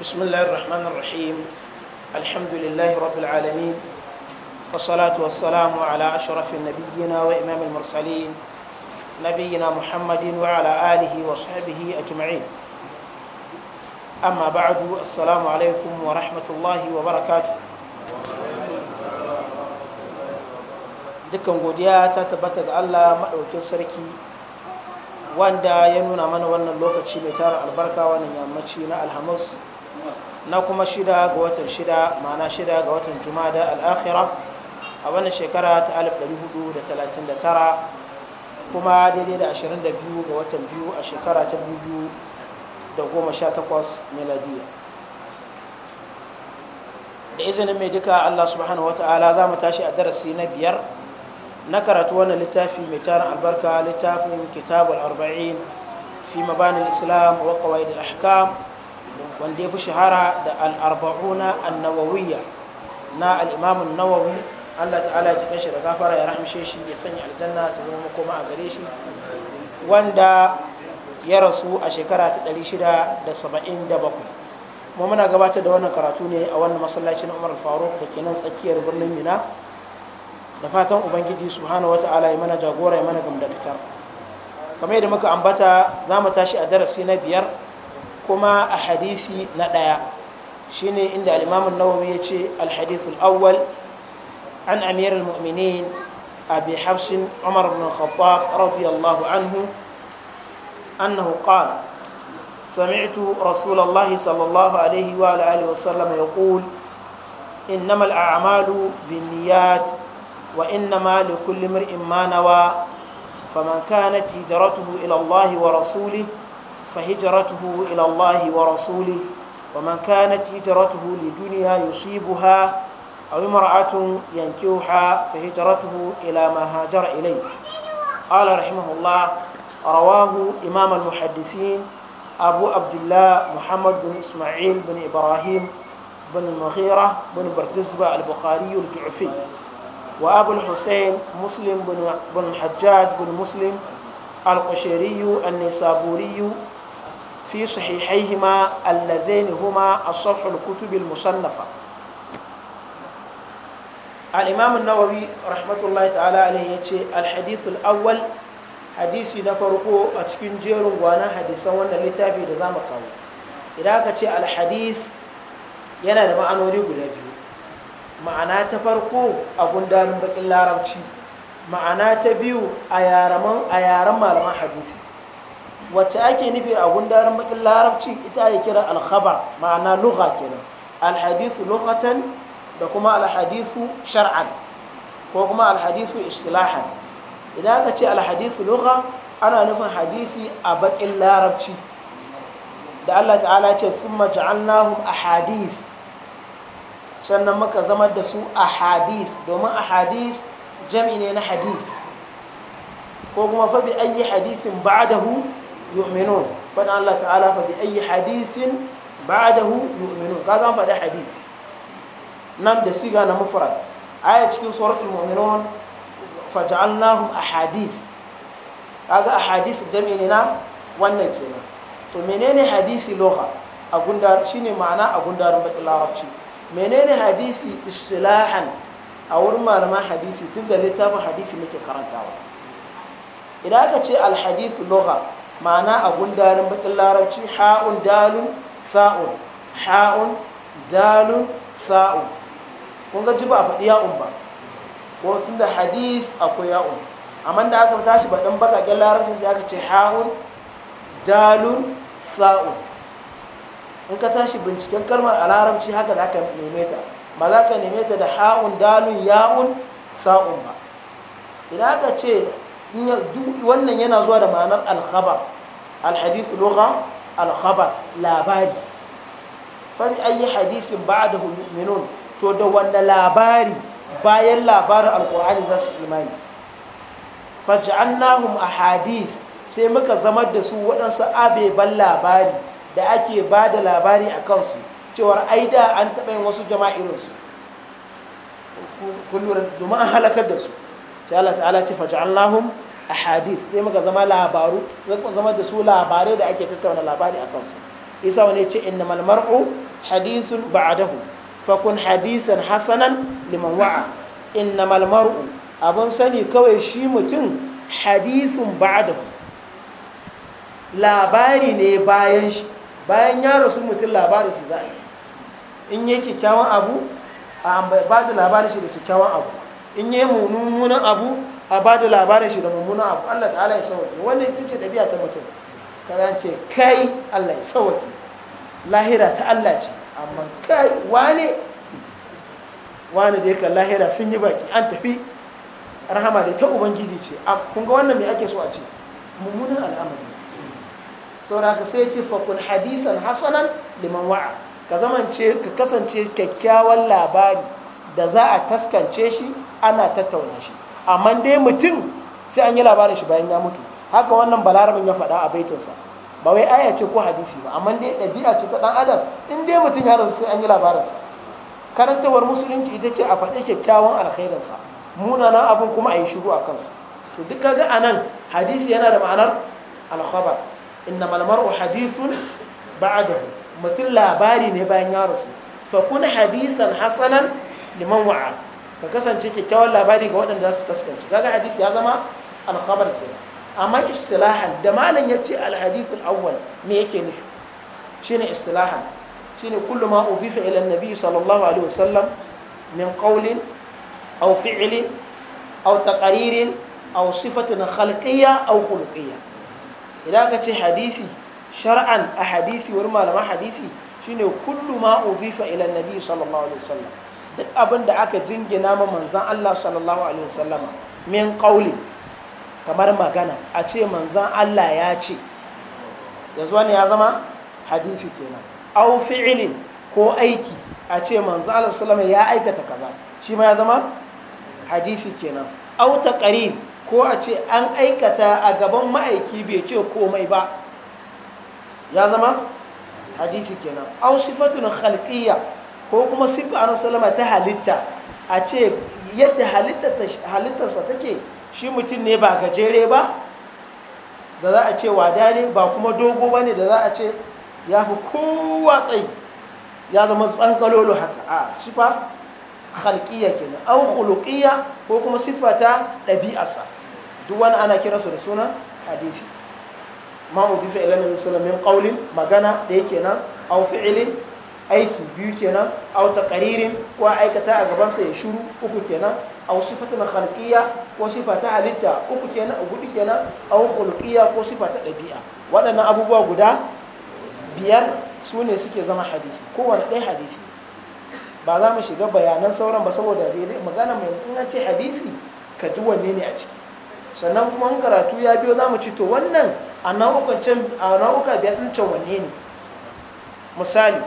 بسم الله الرحمن الرحيم الحمد لله رب العالمين والصلاة والسلام على أشرف النبيين وإمام المرسلين نبينا محمد وعلى آله وصحبه أجمعين أما بعد السلام عليكم ورحمة الله وبركاته dukkan godiya ta tabbata ga Allah maɗaukin sarki wanda ya nuna mana wannan lokaci mai tara albarka wannan yammaci na alhamis na kuma shida ga watan shida ma'ana shida ga watan jumada al'akhira a wannan shekara ta 1439 kuma daidai da 22 ga watan biyu a shekara ta 2018 miladiya da izinin mai duka allah subhanahu wa ta'ala za mu tashi a darasi na biyar na karatu wannan littafi mai tarin albarka littafin kitabul arba'in fi mabanin islam wa qawaid al-ahkam wanda ya fi shahara da al'arba'una annawawiyya na al'imamun nawawi allah ta'ala jikin shi da gafara ya rahamshe shi ya sanya aljanna ta zama makoma a gare shi wanda ya rasu a shekara ta ɗari shida da da saba'in bakwai. mu muna gabatar da wannan karatu ne a wannan masallacin umar faruk da ke nan tsakiyar birnin mina da fatan ubangiji wa ta'ala ya mana jagora ya mana gamdakatar kamar yadda muka ambata za mu tashi a darasi na biyar kuma a hadisi na ɗaya shine inda alimamun nawawi ya ce alhadisul awwal an amir al-mu'minin hafshin umar ibn khattab radiyallahu anhu annahu qala sami'tu rasulullahi sallallahu alaihi wa alihi wa sallam yaqul innama al-a'malu binniyat wa innama likulli mar'in ma nawa faman kanat hijratuhu ila allahi wa rasulihi فهجرته إلى الله ورسوله ومن كانت هجرته لدنيا يصيبها أو امرأة ينكوها فهجرته إلى ما هاجر إليه قال رحمه الله رواه إمام المحدثين أبو عبد الله محمد بن إسماعيل بن إبراهيم بن المغيرة بن بردزبة البخاري الجعفي وأبو الحسين مسلم بن الحجاج بن مسلم القشيري النسابوري fi sahihaihima allazaini huma a sahih al-kutub al-musannafa al-imam an-nawawi rahmatullahi ta'ala alayhi yace al-hadith awwal hadisi na farko a cikin jerin gwanan hadisan wannan littafi da za mu kawo idan aka ce al yana da ma'anori guda biyu ma'ana ta farko a gundarin bakin larabci ma'ana ta biyu a yaren malaman hadisi wacce ake nufi a gundarin bakin larabci ita ake kira alkhabar ma'ana lugha kenan alhadisu lokatan da kuma alhadisu shar'an ko kuma alhadisu istilahan idan aka ce alhadisu lugha ana nufin hadisi a bakin larabci da Allah ta'ala ce sun summa ja'alnahum ahadith sannan muka zama da su ahadith domin ahadith jam'i ne na hadis ko kuma fa bi ayi hadithin ba'dahu yu'minun fadan Allah ta'ala fa bi ayi hadisin ba'dahu yu'minun kaga an faɗi hadisi nan da siga na mufrad aya cikin suratul mu'minun faj'alnahum ahadith kaga ahadith jami'i ne na wannan kenan to menene hadisi lugha a gundar shine ma'ana a gundarin bakin larabci menene hadisi istilahan a wurin malaman hadisi tun da littafin hadisi muke karantawa idan aka ce alhadisi lugha ma'ana a gundarin bakin larabci ha'un dalun sa'un ha'un dalun sa'un kun ga jiba a faɗi ya'un ba ko tunda hadis akwai ya'un amma da aka tashi baɗin ƙin larabci sai aka ce ha'un dalun sa'un in ka tashi binciken kalmar a larabci haka za ka neme ta ba za ka neme ta da ha'un dalun ya'un sa'un ba idan aka ce wannan yana zuwa da ma'anar alkhabar alhadis lugha alkhabar labari fabi ayi hadisin da yu'minun to da wanda labari bayan labarin alkur'ani za su imani a hadis sai muka zamar da su waɗansu abeban labari da ake ba da labari a kansu cewar ai da an taɓa yin wasu jama'irinsu kullum domin an halakar da su sai Allah ta'ala ce faj'alnahum ahadith sai muka zama labaru zai zama da su labarai da ake tattauna labari a kansu isa wani ce innamal mar'u hadithun ba'dahu fakun hadithan hasanan liman wa'a innamal mar'u abun sani kawai shi mutum hadithun ba'adahu labari ne bayan shi bayan ya rasu mutum labarin shi za a yi in yi kyakkyawan abu a ba da labarin shi da kyakkyawan abu in yi mummunan abu a ba da labarin shi da mummunan abu Allah ta'ala ya sawaki wannan ita ce ɗabi'a ta mutum ka zan ce kai Allah ya sawaki lahira ta Allah ce amma kai wane wane da yake lahira sun yi baki an tafi rahama da ta ubangiji ce kun ga wannan me ake so a ce mummunan al'amari saboda ka sai ce fakun hadisan hasanan liman wa'a ka zamance ka kasance kyakkyawan labari da za a taskance shi ana tattauna shi amma dai mutum sai an yi labarin shi bayan ya mutu haka wannan balarabin ya faɗa a baitinsa ba wai aya ce ko hadisi ba amma dai ɗabi'a ce ta ɗan adam in dai mutum ya rasu sai an yi labarinsa karantawar musulunci ita ce a faɗi kyakkyawan alkhairinsa munanan abin kuma a yi shiru a kansu to duk kaga a nan hadisi yana da ma'anar alkhabar inna malmaru hadisun ba'adahu mutum labari ne bayan ya rasu fa kun hadisan hasanan liman wa'a ka kasance kyakkyawan labari ga waɗanda za su taskanci kaga hadisi ya zama alkhabar ke amma istilahan da malam ya ce alhadith al-awwal me yake nufi shine istilahan shine kullu ma udifa ila an-nabi sallallahu alaihi wasallam min qawlin aw fi'lin aw taqririn aw sifatin khalqiyya aw khuluqiyya idan ka ce hadisi shar'an a hadisi wurin malama hadisi shine kullu ma udifa ila an-nabi sallallahu alaihi wasallam duk abin da aka jingina ma manzan Allah sallallahu alaihi wasallama min qauli kamar magana a ce manzan Allah ya ce yanzu wani ya zama hadisi kenan au fi'ilin ko aiki a ce manzan Allah sallallahu alaihi ya aikata kaza shi ma ya zama hadisi kenan au taqrir ko a ce an aikata a gaban ma'aiki bai ce komai ba ya zama hadisi kenan au sifatun khalqiyya ko kuma siffa annabi salama ta halitta a ce yadda halittarsa take shi mutum ne ba gajere ba da za a ce wada ne ba kuma dogo ba ne da za a ce ya fi kowa tsayi ya zama tsankalolo haka a siffa halkiya kenan an hulukiya ko kuma sifa ta ɗabi'arsa duk ana kira su da suna hadithi ma udifa musulmin ƙaulin magana da yake nan a fi'ilin aiki biyu kenan wata taqririn ko aikata a gabansa ya shiru uku kenan fata na khalqiyya ko sifa ta halitta uku kenan gudu kenan aw ko sifa ta ɗabi'a waɗannan abubuwa guda biyar su ne suke zama hadisi wani ɗaya hadisi ba za mu shiga bayanan sauran ba saboda magana mai yanzu in hadisi ka ji wanne ne a ciki sannan kuma an karatu ya biyo za mu ci to wannan a nau'uka biyar ɗin can wanne ne misali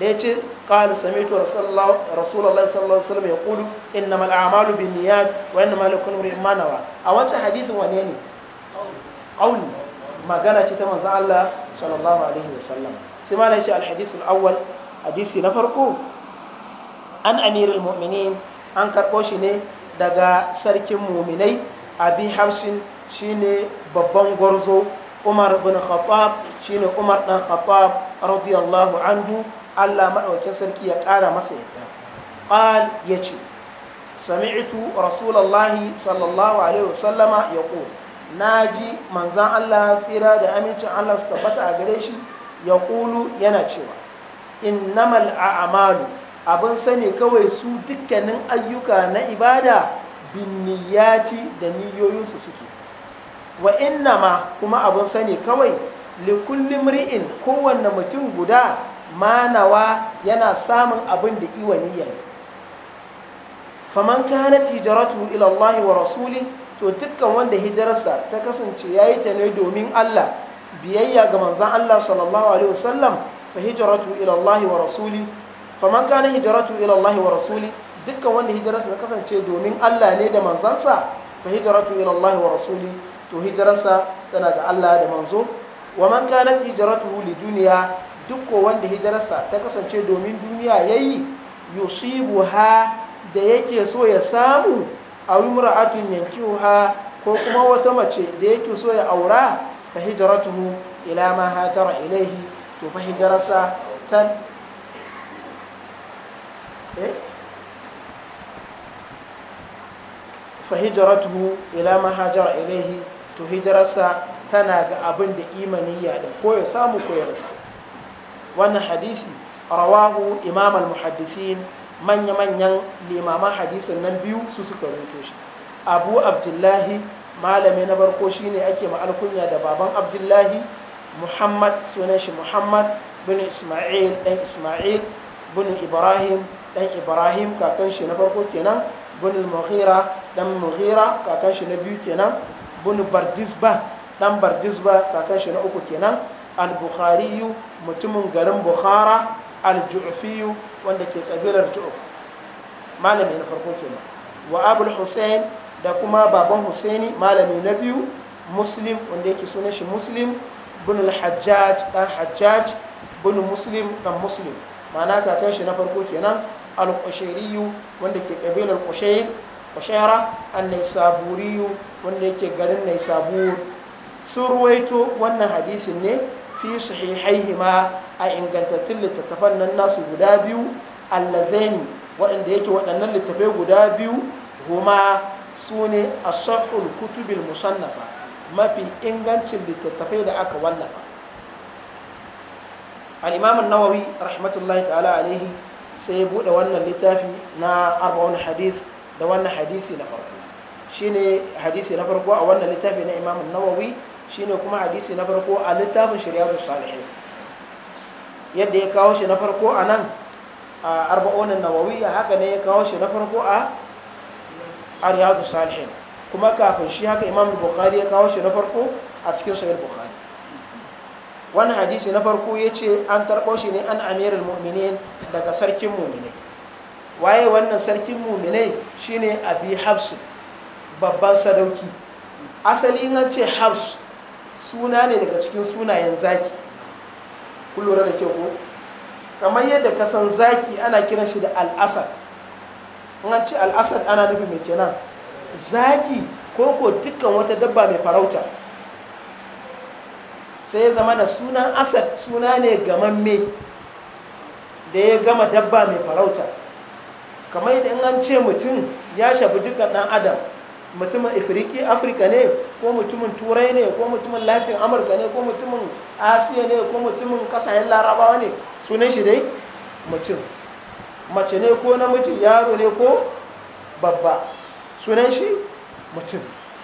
da ya ce ƙala samitu rasulallah sallallahu alaihi wasallam ya kulu inna mal a'malu bin niyyat wa inna a wancan hadisin wane ne magana ce ta manzon Allah sallallahu alaihi wasallam sai ma ce al hadith al awwal hadisi na farko an amirul an karɓo shi ne daga sarkin muminai abi hamsin shine babban gwarzo umar bin khattab shine umar dan khattab radiyallahu anhu Allah maɗaukin sarki ya ƙara masa yadda ƙal ya ce sami'tu rasulallahi sallallahu alaihi wasallama ya ƙo na ji manzan Allah tsira da amincin Allah su tabbata a gare shi ya ƙulu yana cewa innamal a'malu abin sani kawai su dukkanin ayyuka na ibada binniyati da niyoyinsu suke wa ma kuma abin sani kawai Likullin ri'in kowanne mutum guda manawa yana samun abin da iwaniya ne faman kana hijratu ila Allah wa rasuli to dukkan wanda hijirarsa ta kasance yayi ta ne domin Allah biyayya ga manzon Allah sallallahu alaihi wasallam fa hijaratu ila Allah wa rasuli faman kana hijaratu ila Allah wa rasuli dukkan wanda hijirarsa ta kasance domin Allah ne da manzansa fa hijratu ila Allah wa rasuli to hijirarsa tana ga Allah da manzo wa man kanat hijaratu li duniya duk ko wanda hijirarsa ta kasance domin duniya ya yi yusibu ha da yake so ya samu a yanki yankiha ko kuma wata mace da yake so ya aura fa hijratuhu ila ma hatara ilaihi to fa hijrarsa ta eh? ila ma hajara ilaihi to hijararsa tana ga abin da imani ya da ko ya samu ko wannan hadisi rawahu imam al-muhaddisin manya-manyan limaman hadisin nan biyu su suka rinto shi abu abdullahi malami na barko shine ake ma'alkunya da baban abdullahi muhammad sunan shi muhammad bin isma'il dan isma'il bin ibrahim dan ibrahim kakan shi na farko kenan bin muhira dan muhira kakan shi na biyu kenan bin bardisba dan bardisba kakan shi na uku kenan al-bukhariyu mutumin garin bukhara al-ju'fiyu wanda ke kabilar ju'f malami na farko kenan wa abul da kuma baban husaini malami na biyu muslim wanda yake sunan shi muslim bin al-hajjaj dan hajjaj bin muslim dan muslim ma'ana kakan shi na farko kenan al-qushayriyu wanda ke kabilar qushayr qushayra an-naisaburiyu wanda yake garin naisabur sun ruwaito wannan hadisin ne fi ma a ingantattun littattafan nan nasu guda biyu allazaini waɗanda yake waɗannan littattafai guda biyu huma su ne a shakul kutubil musannafa mafi ingancin littattafai da aka wallafa al'imamin nawawi rahmatullahi ta'ala alaihi sai ya buɗe wannan littafi na arba'un hadith da wannan hadisi na farko shine hadisi na farko a wannan littafi na imamin nawawi shine kuma hadisi na farko a littafin shari'atu salihin yadda ya kawo shi na farko a nan a arba'unan nawawi haka ne ya kawo shi na farko a riyadu salihin kuma kafin shi haka imam bukhari ya kawo shi na farko a cikin sahih bukhari wannan hadisi na farko ya ce an karɓo shi ne an amirul mu'minin daga sarkin mu'minai waye wannan sarkin mu'minai shine abi hafsu babban sadauki asali in ce hafsu suna ne daga cikin sunayen zaki kun lura da kyau ko kamar yadda ka san zaki ana kiran shi da al'asad in an ce al'asad ana nufi mai kenan zaki ko ko dukkan wata dabba mai farauta sai ya zama da sunan asad suna ne gamamme da ya gama dabba mai farauta kamar yadda in an ce mutum ya shafi dukkan ɗan adam mutumin afiriki afirka ne ko mutumin turai ne ko mutumin latin amurka ne ko mutumin asiya ne ko mutumin kasayen larabawa ne sunan shi dai mutum mace ne ko namiji yaro ne ko babba sunan shi mutum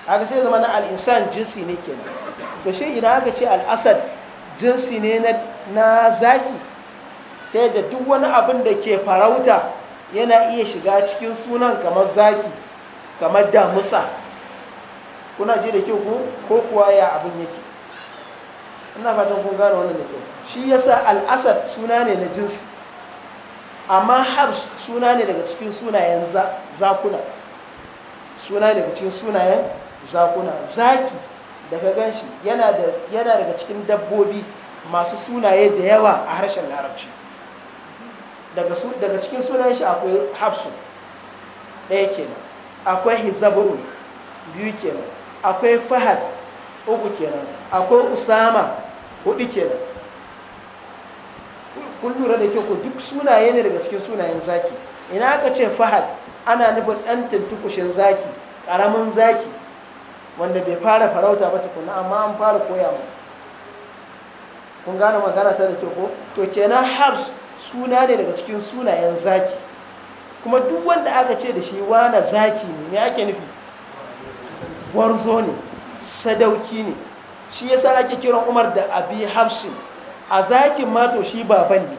haka sai zama na al'insan jinsi ne kenan to shi idan aka ce al'asad jinsi ne na zaki ta yadda duk wani abin da ke farauta yana iya shiga cikin sunan kamar zaki kamar da damusa kuna ji da kyau ko kuwa ya abin yake ina fatan kun gane wannan da kyau shi yasa al'asar suna ne na jinsi amma habs suna ne daga cikin sunayen zakuna suna ne daga cikin sunayen zakuna zaki daga ganshi yana daga cikin dabbobi masu sunaye da yawa a harshen larabci daga cikin sunayen shi akwai hafsu ɗaya kenan akwai hizabun biyu kenan akwai fahad uku kenan akwai usama hudu kenan kun lura da kyau duk sunaye ne daga cikin sunayen zaki ina aka ce fahad ana nufin ɗan tuntukushin zaki ƙaramin zaki wanda bai fara farauta ba tukuna amma an fara koya mu kun gane magana ta da kyau ko to kenan habs suna ne daga cikin sunayen zaki kuma duk wanda aka ce da shi wana zaki ne me ake nufi gwarzo ne sadauki ne shi ya sa ake kiran umar da abi hafsin a zakin mato shi baban ne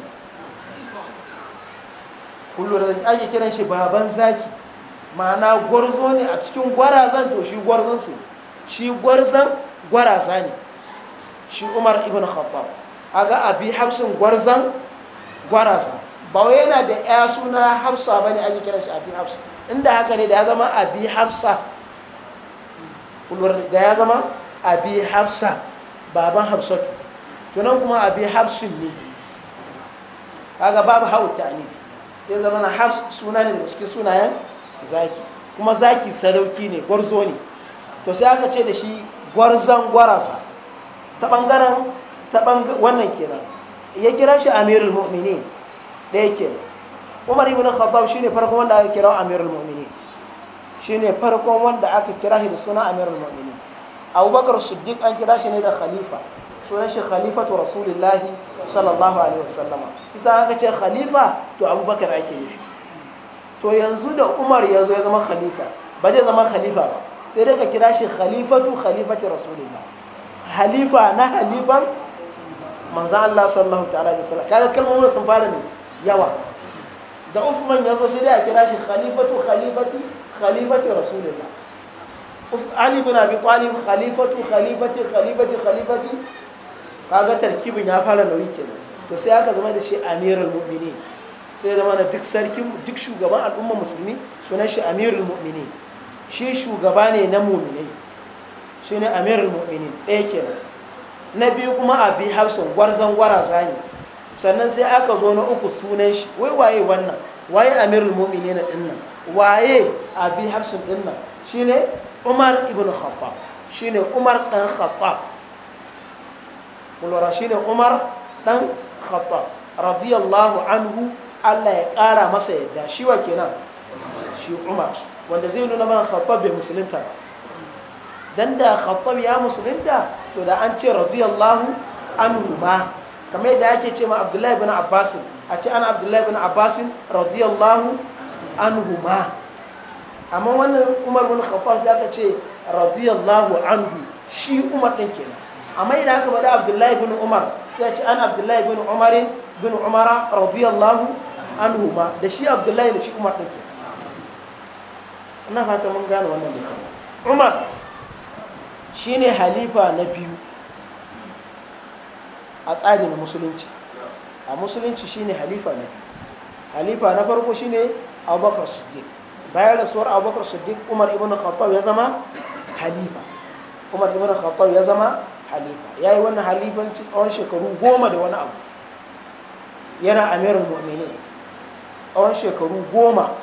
kullum da ake kiran shi baban zaki ma'ana gwarzo ne a cikin gwarazan to shi gwarzon su shi gwarzon gwaraza ne shi umar ibn khattab aga abi hafshin gwarzon gwaraza ba wai yana da ya suna hafsa ba ne ake kira shi abi hafsa inda haka ne da ya zama abi hafsa da ya zama abi hafsa baban hafsatu tunan kuma abi hafsin ne kaga babu hawa ta'anis ya zama na hafs suna ne da suke sunayen zaki kuma zaki sarauki ne gwarzo ne to sai aka ce da shi gwarzon gwarasa ta bangaren ta wannan kenan ya kira shi amirul mu'minin ɗaya ke umar ibn khattab shine farkon wanda aka kira amirul mu'minin shine farkon wanda aka kira shi da suna amirul mu'minin abubakar siddiq an kira shi ne da khalifa sunan shi khalifatu rasulillahi sallallahu alaihi wasallama isa aka ce khalifa to abubakar ake nufi to yanzu da umar ya zo ya zama khalifa ba zai zama khalifa ba sai dai ka kira shi khalifatu khalifati rasulillah khalifa na khalifan manzo Allah sallallahu ta'ala alaihi wasallam kaga kalmomin sun fara ne yawa da Uthman ya zo sai dai a kira shi khalifatu khalifati khalifati rasulullah Ali bin Abi Talib khalifatu khalifati khalifati khalifati kaga tarkibin ya fara nauyi kenan to sai aka zama da shi amirul mu'minin sai zama da duk sarkin duk shugaban al'umma musulmi sunan shi amirul mu'minin shi shugaba ne na mu'minai shine amirul mu'minin ɗaya kenan na biyu kuma abi hafsun gwarzan gwaraza ne sannan sai aka zo na uku sunan shi wai waye wannan waye amirul mu'minin din nan waye abi hafsin din nan shine umar ibn khattab shine umar dan khattab kullora shine umar dan khattab radiyallahu anhu Allah ya kara masa yadda shi wa kenan shi umar wanda zai nuna man khattab bi musulunta dan da khattab ya musulunta to da an ce radiyallahu anhu ma kamar yadda ake ce ma abdullahi bin abbasin a ce ana abdullahi bin abbasin radiyallahu anhu ma amma wannan umar bin khattab sai aka ce radiyallahu anhu shi umar din kenan amma idan aka bada abdullahi bin umar sai ce ana abdullahi bin Umar bin umara radiyallahu anhu ma da shi abdullahi da shi umar din kenan ina fata mun gane wannan da umar shine halifa na biyu a tsari na musulunci a musulunci shine halifa na biyu halifa na farko shine abubakar siddiq bayan rasuwar abubakar siddiq umar ibn khattab ya zama halifa umar ibn khattab ya zama halifa ya yi wannan halifanci tsawon shekaru goma da wani abu yana amirul mu'minin tsawon shekaru goma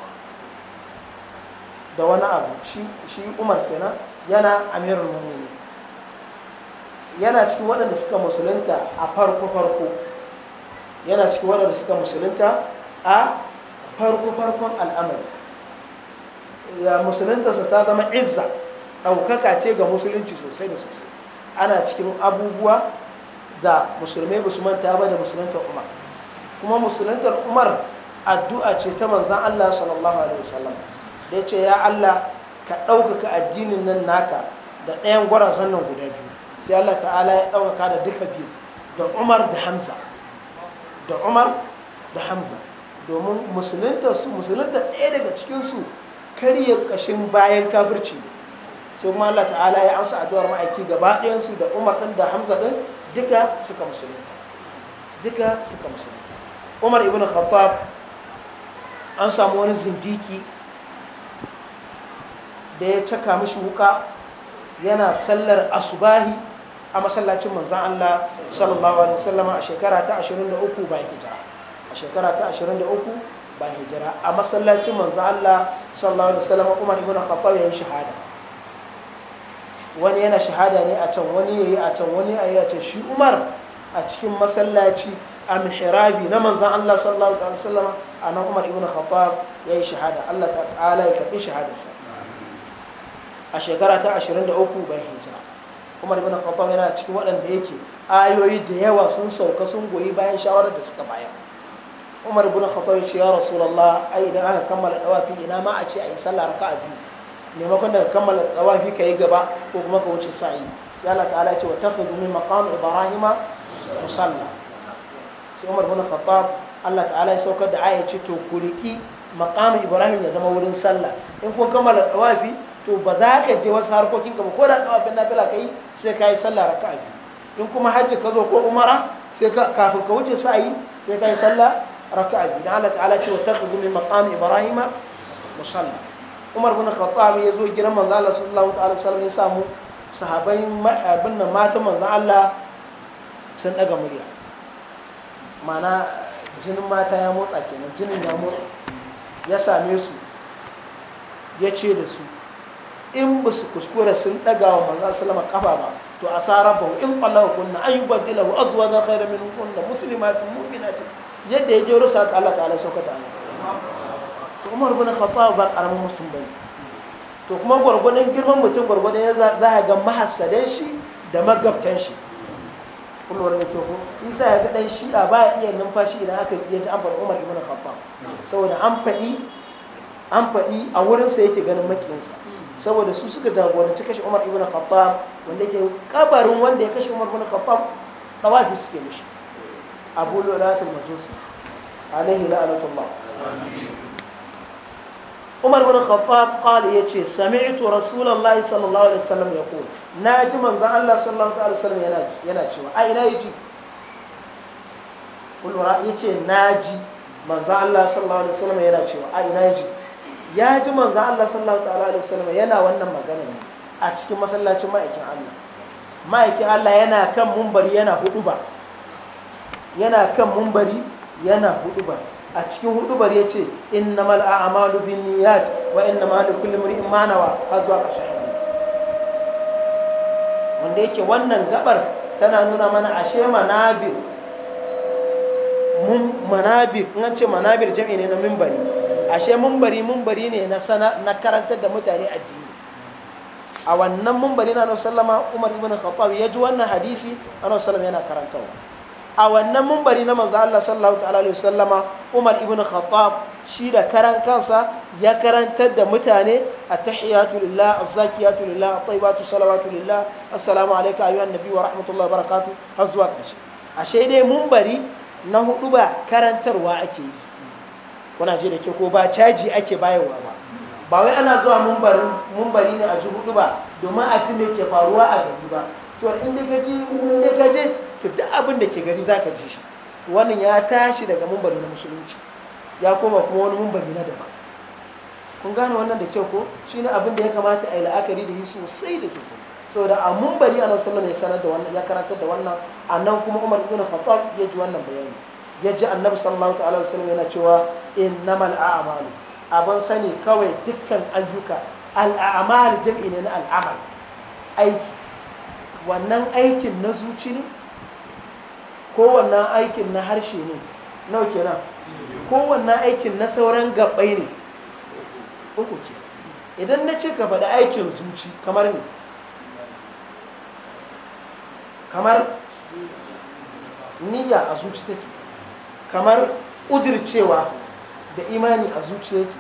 da wani abu shi umar kenan yana amirul mu'minin yana cikin waɗanda suka musulunta a farko-farko yana cikin waɗanda suka musulunta a farko-farkon al'amari ya musuluntarsa ta zama izza ɗaukaka ce ga musulunci sosai da sosai ana cikin abubuwa da musulmai ba su manta ba da musuluntar umar kuma musuluntar umar addu'a ce ta manzan allah sallallahu alaihi wasallam da ya ce ya allah ka ɗaukaka addinin nan naka da ɗayan gwarazan nan guda biyu sai Allah ta'ala ya ɗaukaka da duka biyu da umar da hamza da umar da hamza domin musulunta su musulunta ɗaya daga cikinsu karya ƙashin bayan kafirci ne sai kuma Allah ta'ala ya amsa addu'ar ma'aiki gaba ɗayansu da umar ɗin da hamza ɗin duka suka musulunta duka suka musulunta umar ibn khattab an samu wani zindiki da ya caka mishi wuka yana sallar asubahi a masallacin manzan Allah sallallahu alaihi wasallam a shekara ta 23 bayan hijira a shekara ta 23 bayan hijira a masallacin manzan Allah sallallahu alaihi wasallam Umar ibn Khattab yi shahada wani yana shahada ne a can wani yayi a can wani yayi a can shi Umar a cikin masallaci a mihrabi na manzan Allah sallallahu alaihi wasallam a nan Umar ibn Khattab yi shahada Allah ta'ala ya karbi shahadarsa a shekara ta 23 bayan hijira umar ibn khattab yana cikin waɗanda yake ayoyi da yawa sun sauka sun goyi bayan shawarar da suka bayar umar ibn khattab ya ce ya rasulullah ai idan aka kammala dawafi ina ma a ce a yi sallah raka'a biyu maimakon da kammala dawafi ka yi gaba ko kuma ka wuce sa'i sai Allah ta'ala ya ce wa takhudhu min maqam ibrahima musalla sai umar ibn khattab Allah ta'ala ya saukar da aya ce to ku riki maqam ibrahim ya zama wurin sallah in kun kammala dawafi to ba za ka je wasu harkokin ka ba ko da tsawafin ka kai sai ka yi sallah raka'a biyu in kuma hajji ka zo ko umara sai ka kafin ka wuce sa'ayi sai ka yi sallah raka'a biyu na Allah ta'ala ce wa takhudhu min maqam ibrahima musalla umar bin khattab ya zo gidan manzo Allah sallallahu ta'ala sallam ya samu sahabai abin nan matan manzo Allah sun daga murya mana jinin mata ya motsa kenan jinin ya motsa ya same su ya ce da su in ba su kuskure sun daga wa manzan salama kafa ba to a tsara ba in kwallahu kunna ayyuba dila wa azuwa za khaira min kunna muslimatu mu'minatu yadda ya jero sa Allah ta'ala sauka ta to Umar bin Khattab ba karamin musulmi bai to kuma gwargwadon girman mutum gwargwadon ya za a ga mahassadan shi da magabtan shi kullum to ko isa ya ga dan a ba iya numfashi idan aka yi ta amfani Umar ibn Khattab saboda an faɗi an faɗi a wurinsa yake ganin makinsa saboda su suka jagoranci kashe umar ibn khattab wanda yake kabarin wanda ya kashe umar ibn khattab dawafi suke mishi abu lulatul majusi alaihi la'anatullah umar ibn khattab qala yace sami'tu rasulullahi sallallahu alaihi wasallam yaqul na ji manzon Allah sallallahu alaihi wasallam yana yana cewa ai na ji kullu ra yace na ji manzon Allah sallallahu alaihi wasallam yana cewa ai na ji ya ji manzo Allah sallallahu ta'ala alaihi wasallam yana wannan magana ne a cikin masallacin ma'aikin Allah ma'aikin Allah yana kan mumbari yana huduba yana kan mumbari yana huduba a cikin hudubar ya ce innamal a'malu bin niyyat wa innamal likulli imrin ma nawa har zuwa ƙarshen hadisi wanda yake wannan gabar tana nuna mana ashe manabir mun manabir in an ce manabir jami'i ne na mimbari ashe mumbari mumbari ne na sana na karantar da mutane addini a wannan mumbari na Annabi sallama Umar ibn Khattab ya ji wannan hadisi Annabi sallama yana karantawa a wannan mumbari na manzo Allah sallallahu ta'ala alaihi wasallama Umar ibn Khattab shi da karan kansa ya karantar da mutane at-tahiyatu lillah az-zakiyatu lillah at-tayyibatu salawatu lillah assalamu alayka ayyuhan nabi wa rahmatullahi wa barakatuh har zuwa ƙarshe ashe dai mumbari na hudu ba karantarwa ake yi kuna je da ke ko ba caji ake bayarwa ba ba wai ana zuwa mumbari ne a ji hudu ba domin a ji ke faruwa a gari ba to inda ka ji inda ka je to duk abin da ke gari zaka ji shi wannan ya tashi daga mumbari na musulunci ya koma kuma wani mumbari na daban kun gane wannan da kyau ko shi ne abin da ya kamata a yi la'akari da yi sosai da sosai saboda a mumbari a nan sallallahu ya sanar da wannan ya karantar da wannan a nan kuma umar ibn khattab ya ji wannan bayani ya ji annabi sallallahu ta'ala wasallam yana cewa innamal a'malu abin sani kawai dukkan ayyuka al'amal jam'i ne na al'amal aiki wannan aikin na zuci ne ko wannan aikin na harshe ne nawa kenan ko wannan aikin na sauran gabai ne uku ke idan na ce gaba da aikin zuci kamar ne kamar niyya a zuci take kamar ƙudircewa da imani a zuciya ke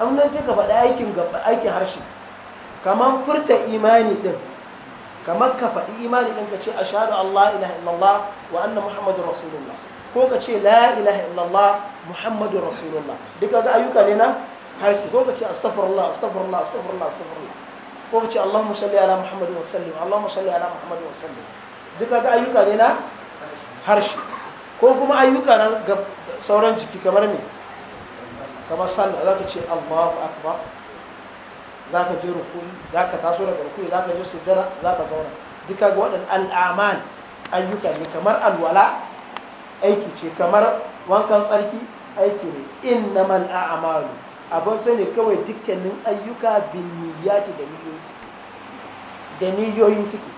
amnan ka faɗi aikin aikin harshe kamar furta imani ɗin kamar ka faɗi imani ɗin ka ce ashhadu Allah ilaha illallah wa anna Muhammadu rasulullah ko ka ce la ilaha illallah Muhammadu rasulullah duka ga ayyuka ne na harshe ko ka ce astaghfirullah astaghfirullah astaghfirullah astaghfirullah ko ka ce allahumma salli ala Muhammadu wa sallim allahumma salli ala Muhammadu wa sallim duka ga ayyuka ne na harshe ko kuma ayyuka na sauran jiki kamar me kamar sallah za ka ce allahu akbar za ka je rukuni za ka taso daga rukuni za ka je sujjara za ka zauna duka ga waɗannan al'aman ayyuka ne kamar alwala aiki ce kamar wankan tsarki aiki ne a a'malu abin sai ne kawai dukkanin ayyuka bin niyyati da niyoyi suke da niyoyi suke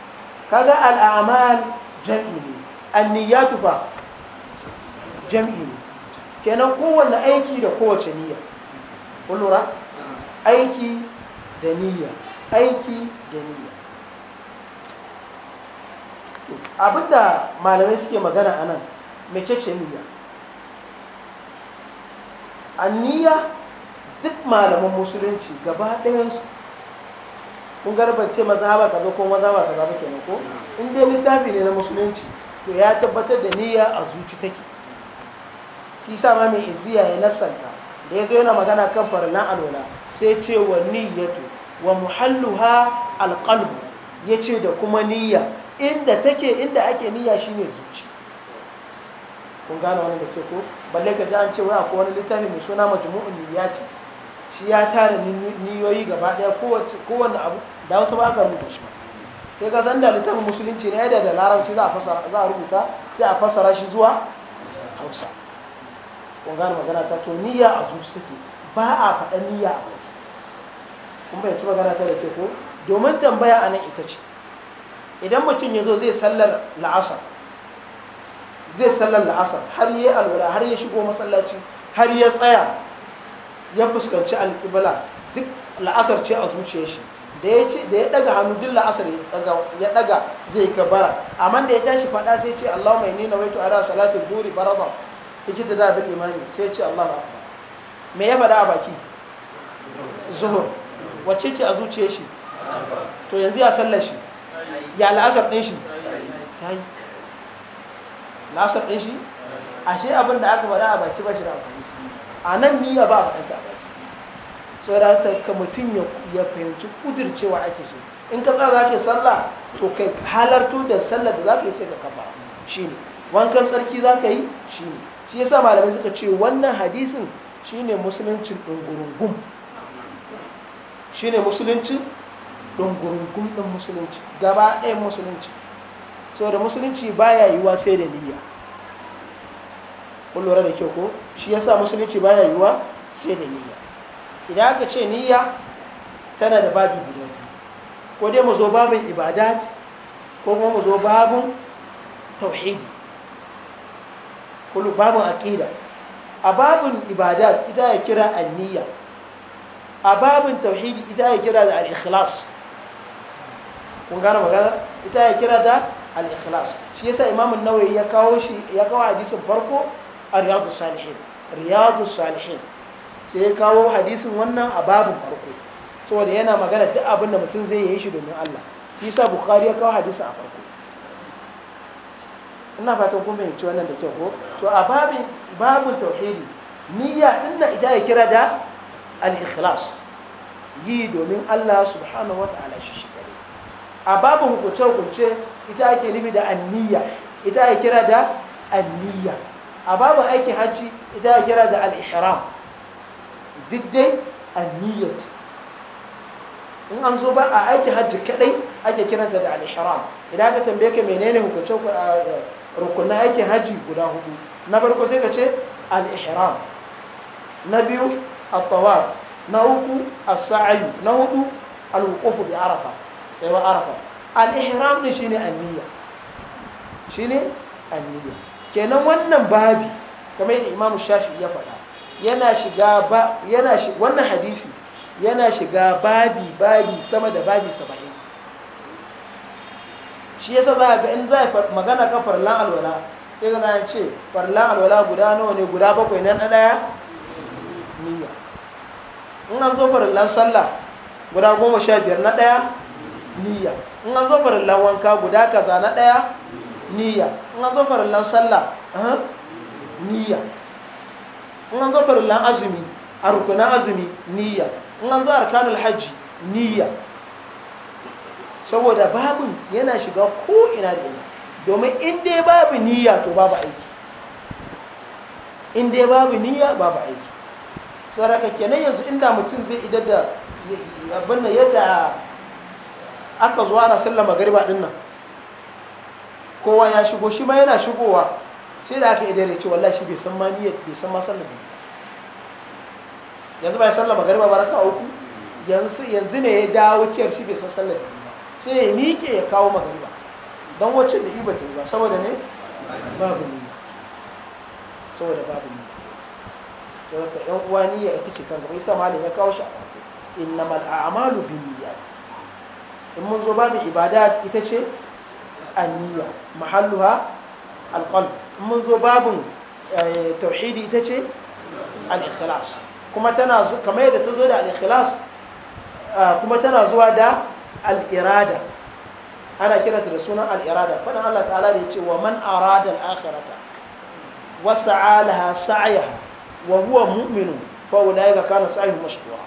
kaga al'amal jam'i ne an niyyatu fa jam'i ne kenan kowanne aiki da kowace niyya kun lura aiki da niyya aiki da niyya abinda malamai suke magana a nan mecece niyya a niyya duk malaman musulunci gaba ɗayansu kun garbance mazhaba kaza ko mazhaba kaza ba kenan ko in dai littafi ne na musulunci to ya tabbatar da niyya a zuci take shi sa ma mai iziya ya nasanta da ya zo yana magana kan farlan alwala sai ce wa niyyatu wa muhalluha alqalbu ya ce da kuma niyya inda take inda ake niyya shine zuci kun gane wannan da ke ko balle ka ji an ce wai akwai wani littafi mai suna majmu'un niyyati shi ya tara niyoyi gaba daya kowanne abu da wasu ba ka rubuta shi sai ka san da littafin musulunci ne da da larabci za a rubuta sai a fasara shi zuwa hausa kun gane magana ta to niyya a zuci take ba a faɗa niyya a baki kun bai magana ta da ke ko domin tambaya a nan ita ce idan mutum ya zo zai sallar la'asar zai sallar la'asar har yi alwala har ya shigo masallaci har ya tsaya ya fuskanci alƙibla duk la'asar ce a zuciyar shi da ya ce da ya daga hannu duk la'asar ya daga zai kabara amma da ya tashi faɗa sai ce Allah mai nina waito ara salatul duri baraba ikita da bil imani sai ce Allahu akbar me ya faɗa a baki zuhur wacce ce a zuciyar shi to yanzu ya sallar shi ya la'asar ɗin shi ta yi la'asar ɗin shi ashe abin da aka faɗa a baki ba shi da amfani a nan niyya ba a faɗanta a baki saboda ta ka mutum ya fahimci cewa ake so in ka tsara zaka sallah to kai halarto da sallar da zaka yi sai ka kafa shi ne wankan tsarki zaka yi shi ne. shi yasa malamai suka ce wannan hadisin shine musuluncin ɗungurungun shine musuluncin ɗungurungun ɗin musulunci gaba ɗayan musulunci da musulunci baya yiwa sai da niyya kun lura da kyau ko shi yasa musulunci baya yiwa sai da niyya idan aka ce niyya tana da babin guda ko dai mu zo babin ibadat ko kuma mu zo babin tauhidi kullu babun aqida a babun ibadat ita ya kira anniya a babun tauhidi ita ya kira da al-ikhlas kun gane magana ita ya kira da al-ikhlas shi yasa imam an-nawawi ya kawo shi ya kawo hadisin farko a riyadus salihin riyadus salihin sai ya kawo hadisin wannan a babun farko saboda yana magana duk abin da mutum zai yi shi domin Allah shi yasa bukhari ya kawo hadisin a farko ina fatan kun fahimci wannan da kyau ko to a babin babin tauhidi niyya din ita ya kira da al-ikhlas yi domin Allah subhanahu wata'ala shi shi kare a babin hukunce hukunce ita ake nufi da anniya ita ya kira da anniya a babin aikin hajji ita ya kira da al-ihram duk dai anniyyat in an zo ba a aikin hajji kadai ake kiranta da al-ihram idan ka tambaye ka menene hukunce rukunan aikin hajji guda hudu na farko sai ka ce al-ihram na biyu at-tawaf na uku as-sa'i na hudu al-wuquf bi arafa sai wa arafa al-ihram ne shine anniya shine anniya kenan wannan babi kamar yadda Imam shafi ya faɗa yana shiga ba yana wannan hadisi yana shiga babi babi sama da babi saba'in shi yasa za ga in za a magana kan farlan alwala sai ga zai ce farlan alwala guda nawa ne guda bakwai na ɗaya niyya in an zo farlan sallah guda goma sha biyar na ɗaya niyya in an zo farlan wanka guda kaza na ɗaya niyya in an zo farlan sallah niyya in an zo farlan azumi a rukunan azumi niyya in an zo arkanul hajji niyya saboda babin yana shiga ko ina da ina domin in dai babu niyya to babu aiki in dai babu niyya babu aiki ka kenan yanzu inda mutum zai idar da abin da yadda aka zuwa ana sallar magariba din nan kowa ya shigo shi ma yana shigowa sai da aka idar ya ce wallahi shi bai san ma niyyar bai san ma sallar yanzu bai sallar magariba ba raka uku yanzu ne ya dawo ciyar shi bai san sallar sai ya miƙe ya kawo magariba don wacce da iba ta yi ba saboda ne babu niyya saboda babu niyya to da ɗan uwa niyya ita ce kan gaba isa malam ya kawo shi a farko innamal a'malu binniyat in mun zo babu ibada ita ce aniyya mahalluha alqalb in mun zo babun eh, tauhidi ita ce al-ikhlas kuma tana zuwa kamar yadda ta zo da al-ikhlas ah, kuma tana zuwa da al'irada ana kiranta da sunan al'irada faɗin Allah ta'ala da ya ce wa man arada al'akhirata wa sa'alaha sa'ayaha wa huwa mu'minu fa ulaika kana sa'yuhum mashkura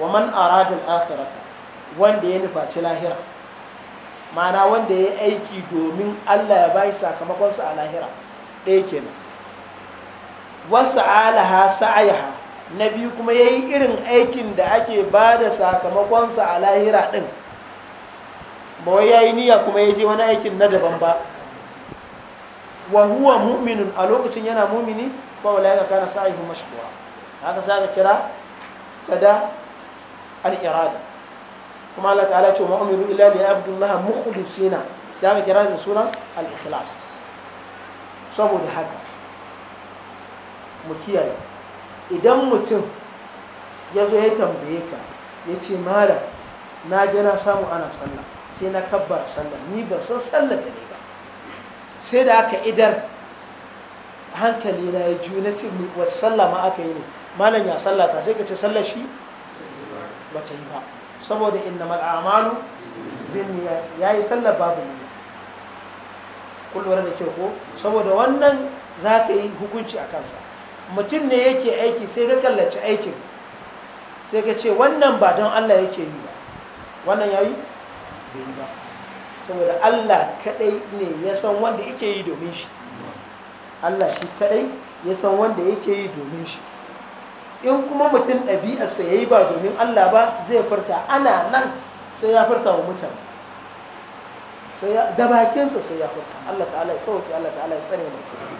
wa man arada al'akirata wanda ya nufaci lahira ma'ana wanda ya aiki domin Allah ya bai sakamakonsa a lahira ɗaya kenan wa sa'alaha na biyu kuma ya yi irin aikin da ake ba da sakamakonsa a lahira ɗin ba wai ya yi niyya kuma ya je wani aikin na daban ba wa huwa mu'minun a lokacin yana mumini ba wala ya kana sa'ihu mashkura haka sa ka kira kada al-irada kuma Allah ta'ala ce ma'amiru illa li abdullahi mukhlisina sai ka kira da sunan al-ikhlas saboda haka mu kiyaye idan mutum ya zo ya tambaye ka ya ce mara na je na samu ana sallah sai na kabbara sallah ni ba san sallah da ne ba sai da aka idar hankali na ya ju na ce wata sallah ma aka yi ne malam ya sallah ta sai ka ce sallah shi ba ta yi ba saboda innamal a'malu bin ya yi sallah babu ne Kullum da kyau ko saboda wannan za ka yi hukunci a kansa mutum ne yake aiki sai ka kallaci aikin sai ka ce wannan ba don Allah yake yi ba wannan ya yi bai yi ba saboda Allah kadai ne ya san wanda yake yi domin shi Allah shi kadai ya san wanda yake yi domin shi in kuma mutum ɗabi'arsa ya yi ba domin Allah ba zai furta ana nan sai ya furta wa mutane da bakinsa sai ya furta Allah ta'ala ya sauke Allah ta'ala ya tsare mai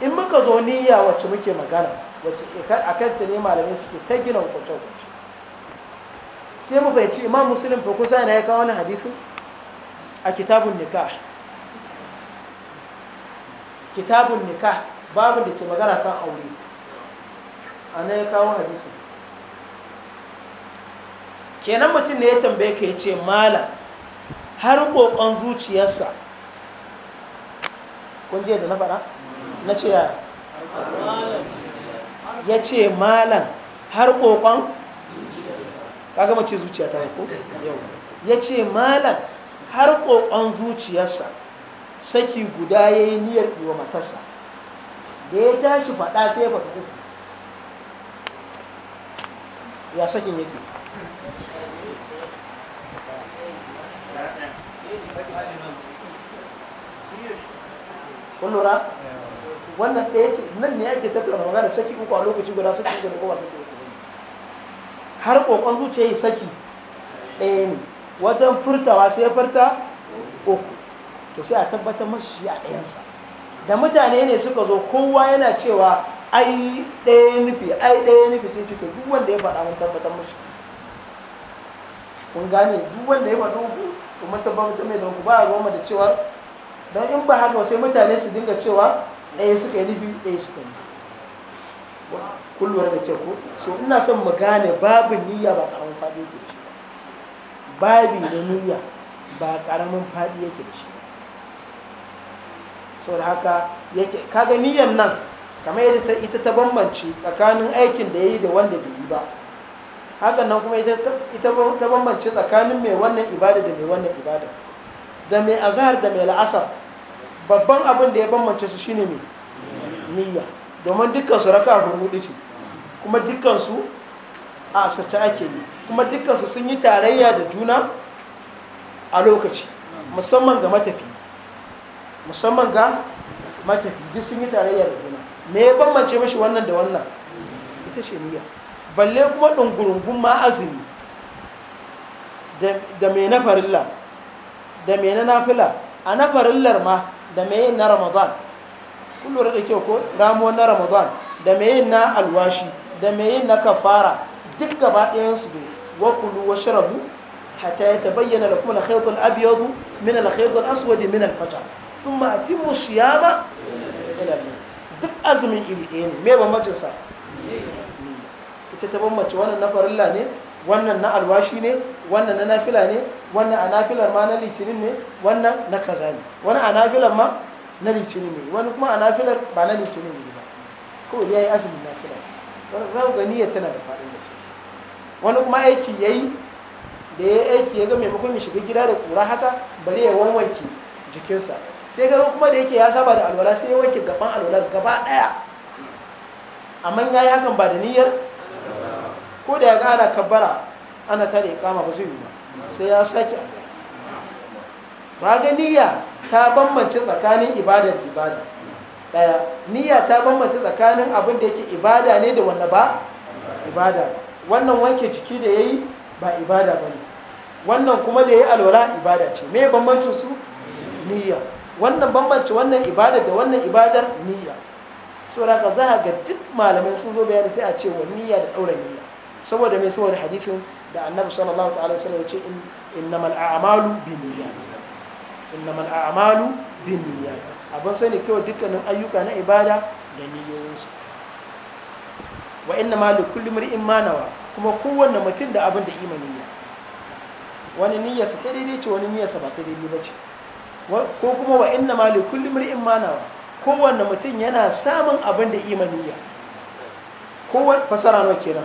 in muka zo niyya wacce muke magana wacce a kanta ne malamai suke ta gina hukunce-hukunce sai mu fahimci imam musulun fa kusa yana ya kawo wani hadithin a kitabun nika kitabun nika babu da ke magana kan aure a na ya kawo hadisin kenan mutum ne ya tambaye ka ya ce malam har kokon zuciyarsa kun je da na faɗa na ce ya ya ce malam har kokon kaga mace zuciya ta ko yau ya ce malam har kokon zuciyarsa saki guda ya yi niyyar iwa matarsa da ya tashi faɗa sai ya faɗi uku ya sakin yake kun lura wannan ɗaya ce nan ne yake tattauna magana saki uku a lokaci guda saki uku da kuma saki uku har kokon zuciya yi saki ɗaya ne wajen furtawa sai ya furta uku to sai a tabbatar mashi shi a ɗayansa da mutane ne suka zo kowa yana cewa ai ɗaya nufi ai ɗaya nufi sai cika duk wanda ya faɗa mun tabbatar mashi kun gane duk wanda ya faɗa uku kuma tabbatar mai da ku ba a goma da cewa don in ba haka sai mutane su dinga cewa ɗaya suka yi na biyu ɗaya suka yi kullum da ke ko so ina son mu gane babu niyya ba karamin faɗi yake da shi babi na niyya ba karamin faɗi yake da shi so da haka yake kaga niyyan nan kamar yadda ita ta bambance tsakanin aikin da ya yi da wanda bai yi ba hakan nan kuma ita ta bambance tsakanin mai wannan ibada da mai wannan ibada da mai azhar da mai la'asar babban abin da ya bambance su shine ne niyya domin dukkansu raka hudu ce kuma dukkansu a asirta ake yi kuma dukkansu sun yi tarayya da juna a lokaci musamman ga matafi musamman ga matafi duk sun yi tarayya da juna me ya bambance mashi wannan da wannan ita ce niyya balle kuma ɗungurungun ma azumi da mai na farilla da mai na nafila a na farillar ma da meye na ramadan kun lura da kyau ko ramuwar na ramadan da meye na alwashi da meye na kafara duk gaba ɗayan su ne wa kulu wa sharabu hatta ya tabayyana lakum al-khayt al min al-khayt min al thumma atimu siyama ila duk azumin iri ɗaya ne me sa ita ta bambance wannan na farilla ne wannan na alwashi ne wannan na nafila ne wannan a nafilar ma na litinin ne wannan na kaza ne wani a nafilar ma na litinin ne wani kuma a nafilar ba na litinin ne ba kawai ya yi azumin nafila wani za ku gani ya tana da faɗin da su wani kuma aiki ya yi da ya aiki ya ga maimakon ya shiga gida da ƙura haka bari ya wanwanke jikinsa sai ga kuma da yake ya saba da alwala sai ya wanke gaban alwalar gaba ɗaya amma ya yi hakan ba da niyyar ko da ya gana ana kabbara ana ta da ikama ba zai yi ba sai ya sake ba niyya ta bambance tsakanin ibada da ibada daya niyya ta bambance tsakanin abin da yake ibada ne da wanda ba ibada wannan wanke jiki da yayi ba ibada ba ne wannan kuma da yayi alwala ibada ce me bambancin su niyya wannan bambance wannan ibada da wannan ibadar niyya saboda ka za ga duk malamai sun zo bayani sai a ce wa niyya da daura niyya saboda mai saboda hadisin da annabi sallallahu alaihi wasallam ya ce innamal a'malu binniyat innamal a'malu binniyat abin sani kawai dukkanin ayyuka na ibada da niyoyinsu wa inna ma li kulli mar'in ma nawa kuma kowanne mutum da abin da imani ne wani niyyarsa ta daidai ce wani niyyarsa ba ta daidai ba ce ko kuma wa inna ma li kulli mar'in ma nawa kowanne mutum yana samun abin da imani ne kowanne fasara nawa kenan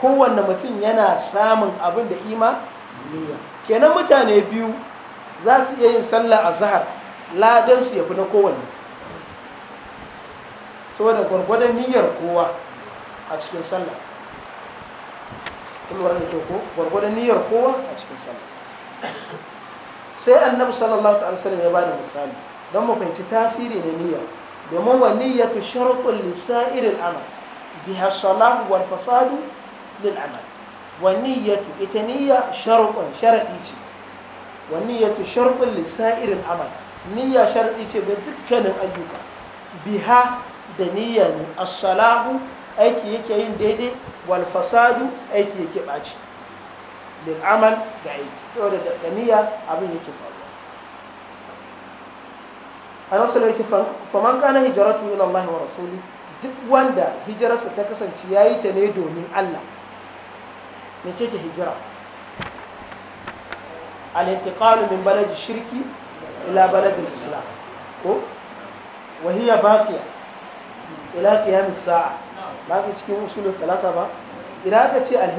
kowanne mutum yana samun abin da ima niyya kenan mutane biyu za su iya yin sallah a zahar ladan su fi na kowanne saboda gwargwadon niyyar kowa a cikin sallah da ko gwargwadon niyyar kowa a cikin sallah sai annabi sallallahu alaihi wasallam ya bada misali don mu fahimci tasiri na niyya domin wa niyyatu sharqul lisa'iril amal biha salahu wal fasadu للعمل والنية إتنية شرط شرط إيتي والنية شرط لسائر العمل نية شرط إيتي بذكر أيوك بها دنيا الصلاح أيكي يكي ديدي والفساد أيكي يكي باتي للعمل بعيد سورة دنيا أبين يكي باتي أنا سألت فمن كان هجرته إلى الله ورسوله duk wanda hijirarsa ta kasance ya yi ta ne domin Allah mece ce hijira al-intiqalu min baladi shirki ila baladi islam ko wa hiya baqiya ila qiyam as-sa'a ba ka cikin usulul salasa ba ila ka ce al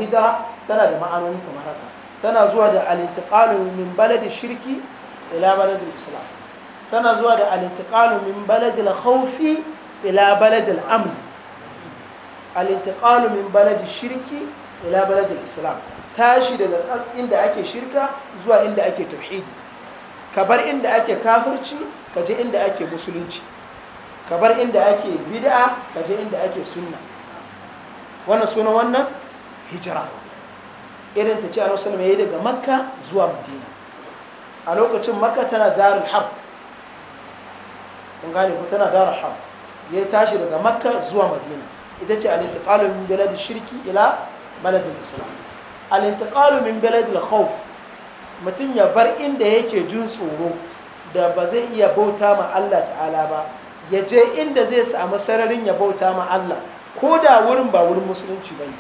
tana da ma'anoni kamar haka tana zuwa da al-intiqalu min baladi shirki ila baladi islam tana zuwa da al-intiqalu min baladi al-khawfi ila baladi al-amn al-intiqalu min baladi shirki ila baladil islam tashi daga inda ake shirka zuwa inda ake tauhidi kabar inda ake kafirci kaje inda ake musulunci kabar inda ake bid'a kaje inda ake sunna wannan sunan wannan hijira irin ta ce annabi sallallahu alaihi daga makka zuwa madina a lokacin makka tana darul harb kun gane ko tana darul harb ya tashi daga makka zuwa madina ita ce al-intiqalu min bilad shirki ila balad al-islam al-intiqal min balad al mutum ya bar inda yake jin tsoro da ba zai iya bauta ma Allah ta'ala ba ya je inda zai samu sararin ya bauta ma Allah ko da wurin ba wurin musulunci bane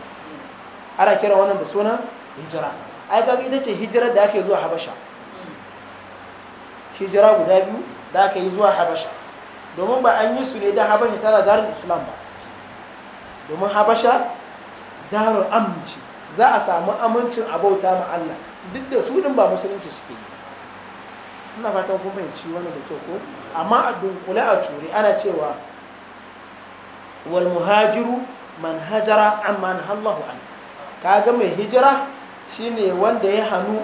ana kira wannan da suna hijira ai ita ce hijirar da ake zuwa habasha hijira guda biyu da aka yi zuwa habasha domin ba an yi su ne da habasha tana zarar islam ba domin habasha darar aminci za a samu amincin abauta ma Allah duk da su din ba musulunci suke yi ina fatan kun fahimci wannan da kyau ko amma a dunkule a turi ana cewa wal muhajiru man hajara amma hallahu an kaga mai hijira shine wanda ya hanu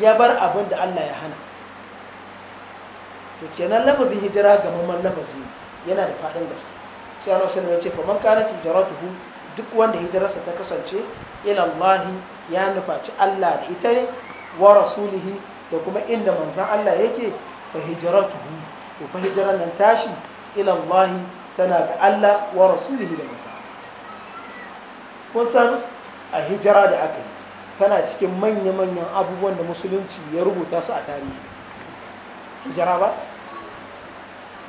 ya bar abin da Allah ya hana to kenan lafazin hijira ga mamman lafazi yana da fadin gaske sai ana ce fa man kana duk wanda hijirarsa ta kasance ilallahi ya nufaci Allah da ita ne wa rasulihi da kuma inda manzan Allah yake fa hijiratuhu to fa hijirar nan tashi ilallahi tana ga Allah wa rasulihi da manzan kun san a hijira da aka yi tana cikin manya-manyan abubuwan da musulunci ya rubuta su a tarihi hijira ba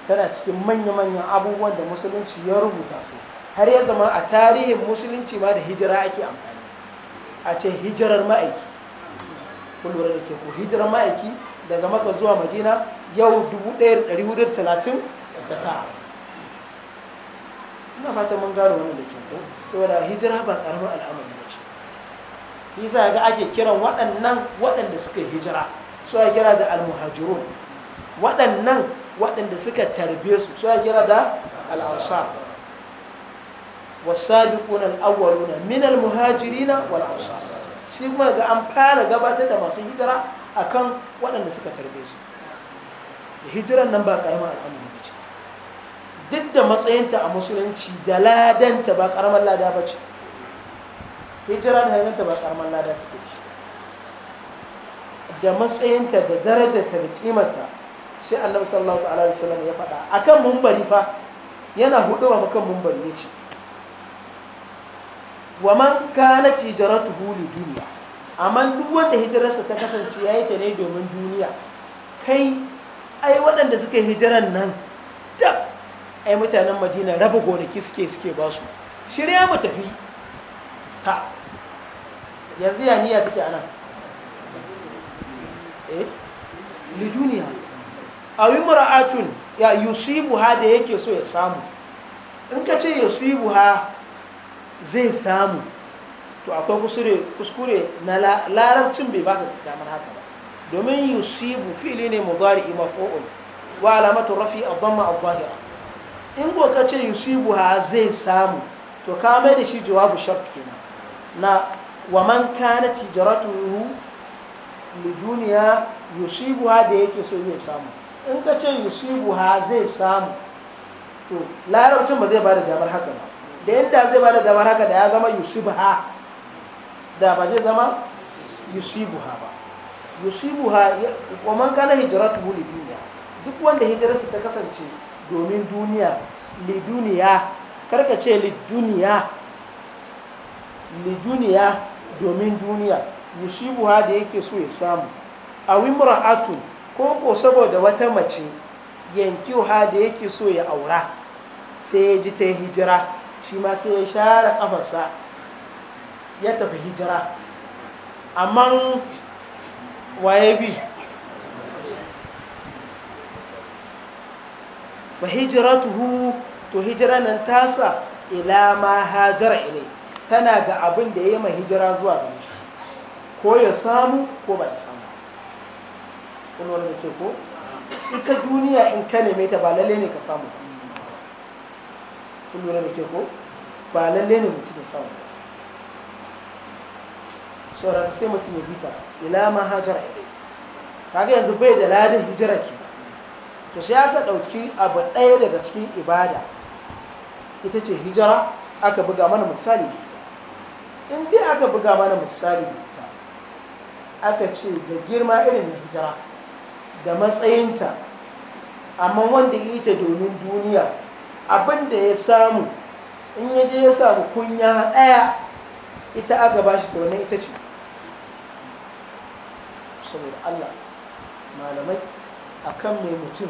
tana cikin manya-manyan abubuwan da musulunci ya rubuta su har ya zama a tarihin musulunci ma da hijira ake amfani a ce hijirar ma'aiki kun lura da ke ku hijirar ma'aiki daga maka zuwa madina yau 1439 ina fata mun gano wani da kyau saboda hijira ba karamin al'amari ba ce yasa ga ake kiran waɗannan waɗanda suka hijira su a kira da almuhajirun waɗannan waɗanda suka tarbe su su a kira da al'ansar والسابقون الأولون من المهاجرين والأنصار sai kuma ga an fara gabatar da masu hijira akan waɗanda suka tarbe su da hijiran nan ba karamar al'amari ba ce duk da matsayinta a musulunci da ladanta ba ƙaramar lada ba ce hijiran hanyarta ba ƙaramar lada ta ce da matsayinta da ta da kimarta sai Allah sallallahu alaihi wasallam ya faɗa akan mumbari fa yana hudu wa kan mumbari ya ce wa man kana tijaratuhu li duniya amma duk wanda hijirarsa ta kasance yayi ta ne domin duniya kai ai waɗanda suka hijiran nan da ai mutanen Madina raba gonaki suke suke ba su shirya mu tafi ta yanzu ya niyya take anan eh li duniya aw imra'atun ya ha da yake so ya samu in ka ce ha. zai samu to akwai kuskure na larabcin bai baka damar haka ba domin yusibu fili ne mu ima ko'ul wa alamatu rafi a a adhahira in ko ka ce yusibu ha zai samu to ka da shi jawabu shart kenan na wa man tijaratu hijratuhu li duniya yusibu ha da yake so zai samu in ka ce yusibu ha zai samu to larabcin ba zai ba da damar haka ba da yadda zai bada damar haka da ya zama ha da ba zai zama ha ba ha wa man kana wuli duniya duk wanda hijirarsa ta kasance domin duniya duniya karka ce liduniya duniya domin duniya ha da yake so ya samu a ra'atun ko ko saboda wata mace yankiwa da yake so ya aura sai ya ji ta hijira shi ma sai ya share kafarsa ya tafi hijira amma waye bi fa hijratuhu to hijira nan tasa ila ma hajara ilai tana ga abin da ya yi ma hijira zuwa ga shi ko ya samu ko ba ya samu kuma wani ke ko ita duniya in ka neme ta ba lalle ne ka samu ba kun da ke ko ba lalle ne mutum ya samu saboda sai mutum ya bita ila ma hajara Ta kaga yanzu bai da ladin hijira ke to sai aka ɗauki abu ɗaya daga cikin ibada ita ce hijira aka buga mana misali da ita in dai aka buga mana misali da ita aka ce da girma irin na hijira da matsayinta amma wanda ita domin duniya abin da ya samu in ya je ya samu kunya ɗaya ita aka ba shi to wannan ita ce saboda Allah malamai akan mai mutum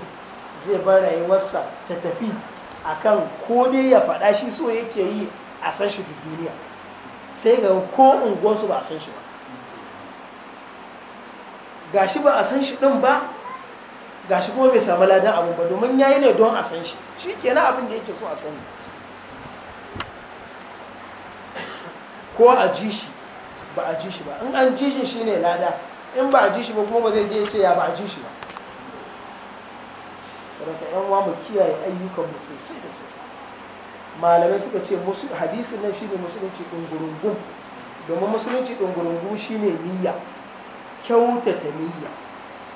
zai bar rayuwarsa ta tafi akan ko dai ya faɗa shi so yake yi a san shi duniya sai ga ko unguwarsu ba a san shi ba gashi ba a san shi ɗin ba gashi kuma bai samu ladan abu ba domin yayi ne don a san shi shi kenan abin da yake so a sani ko a ji shi ba a ji shi ba in an ji shi shine lada in ba a ji shi ba kuma ba zai je ya ce ya ba a ji shi ba daga yan uwa mu kiyaye ayyukan mu sosai da sosai malamai suka ce hadisi nan shine musulunci ɗungurungun domin musulunci ɗungurungun shine niyya kyautata niyya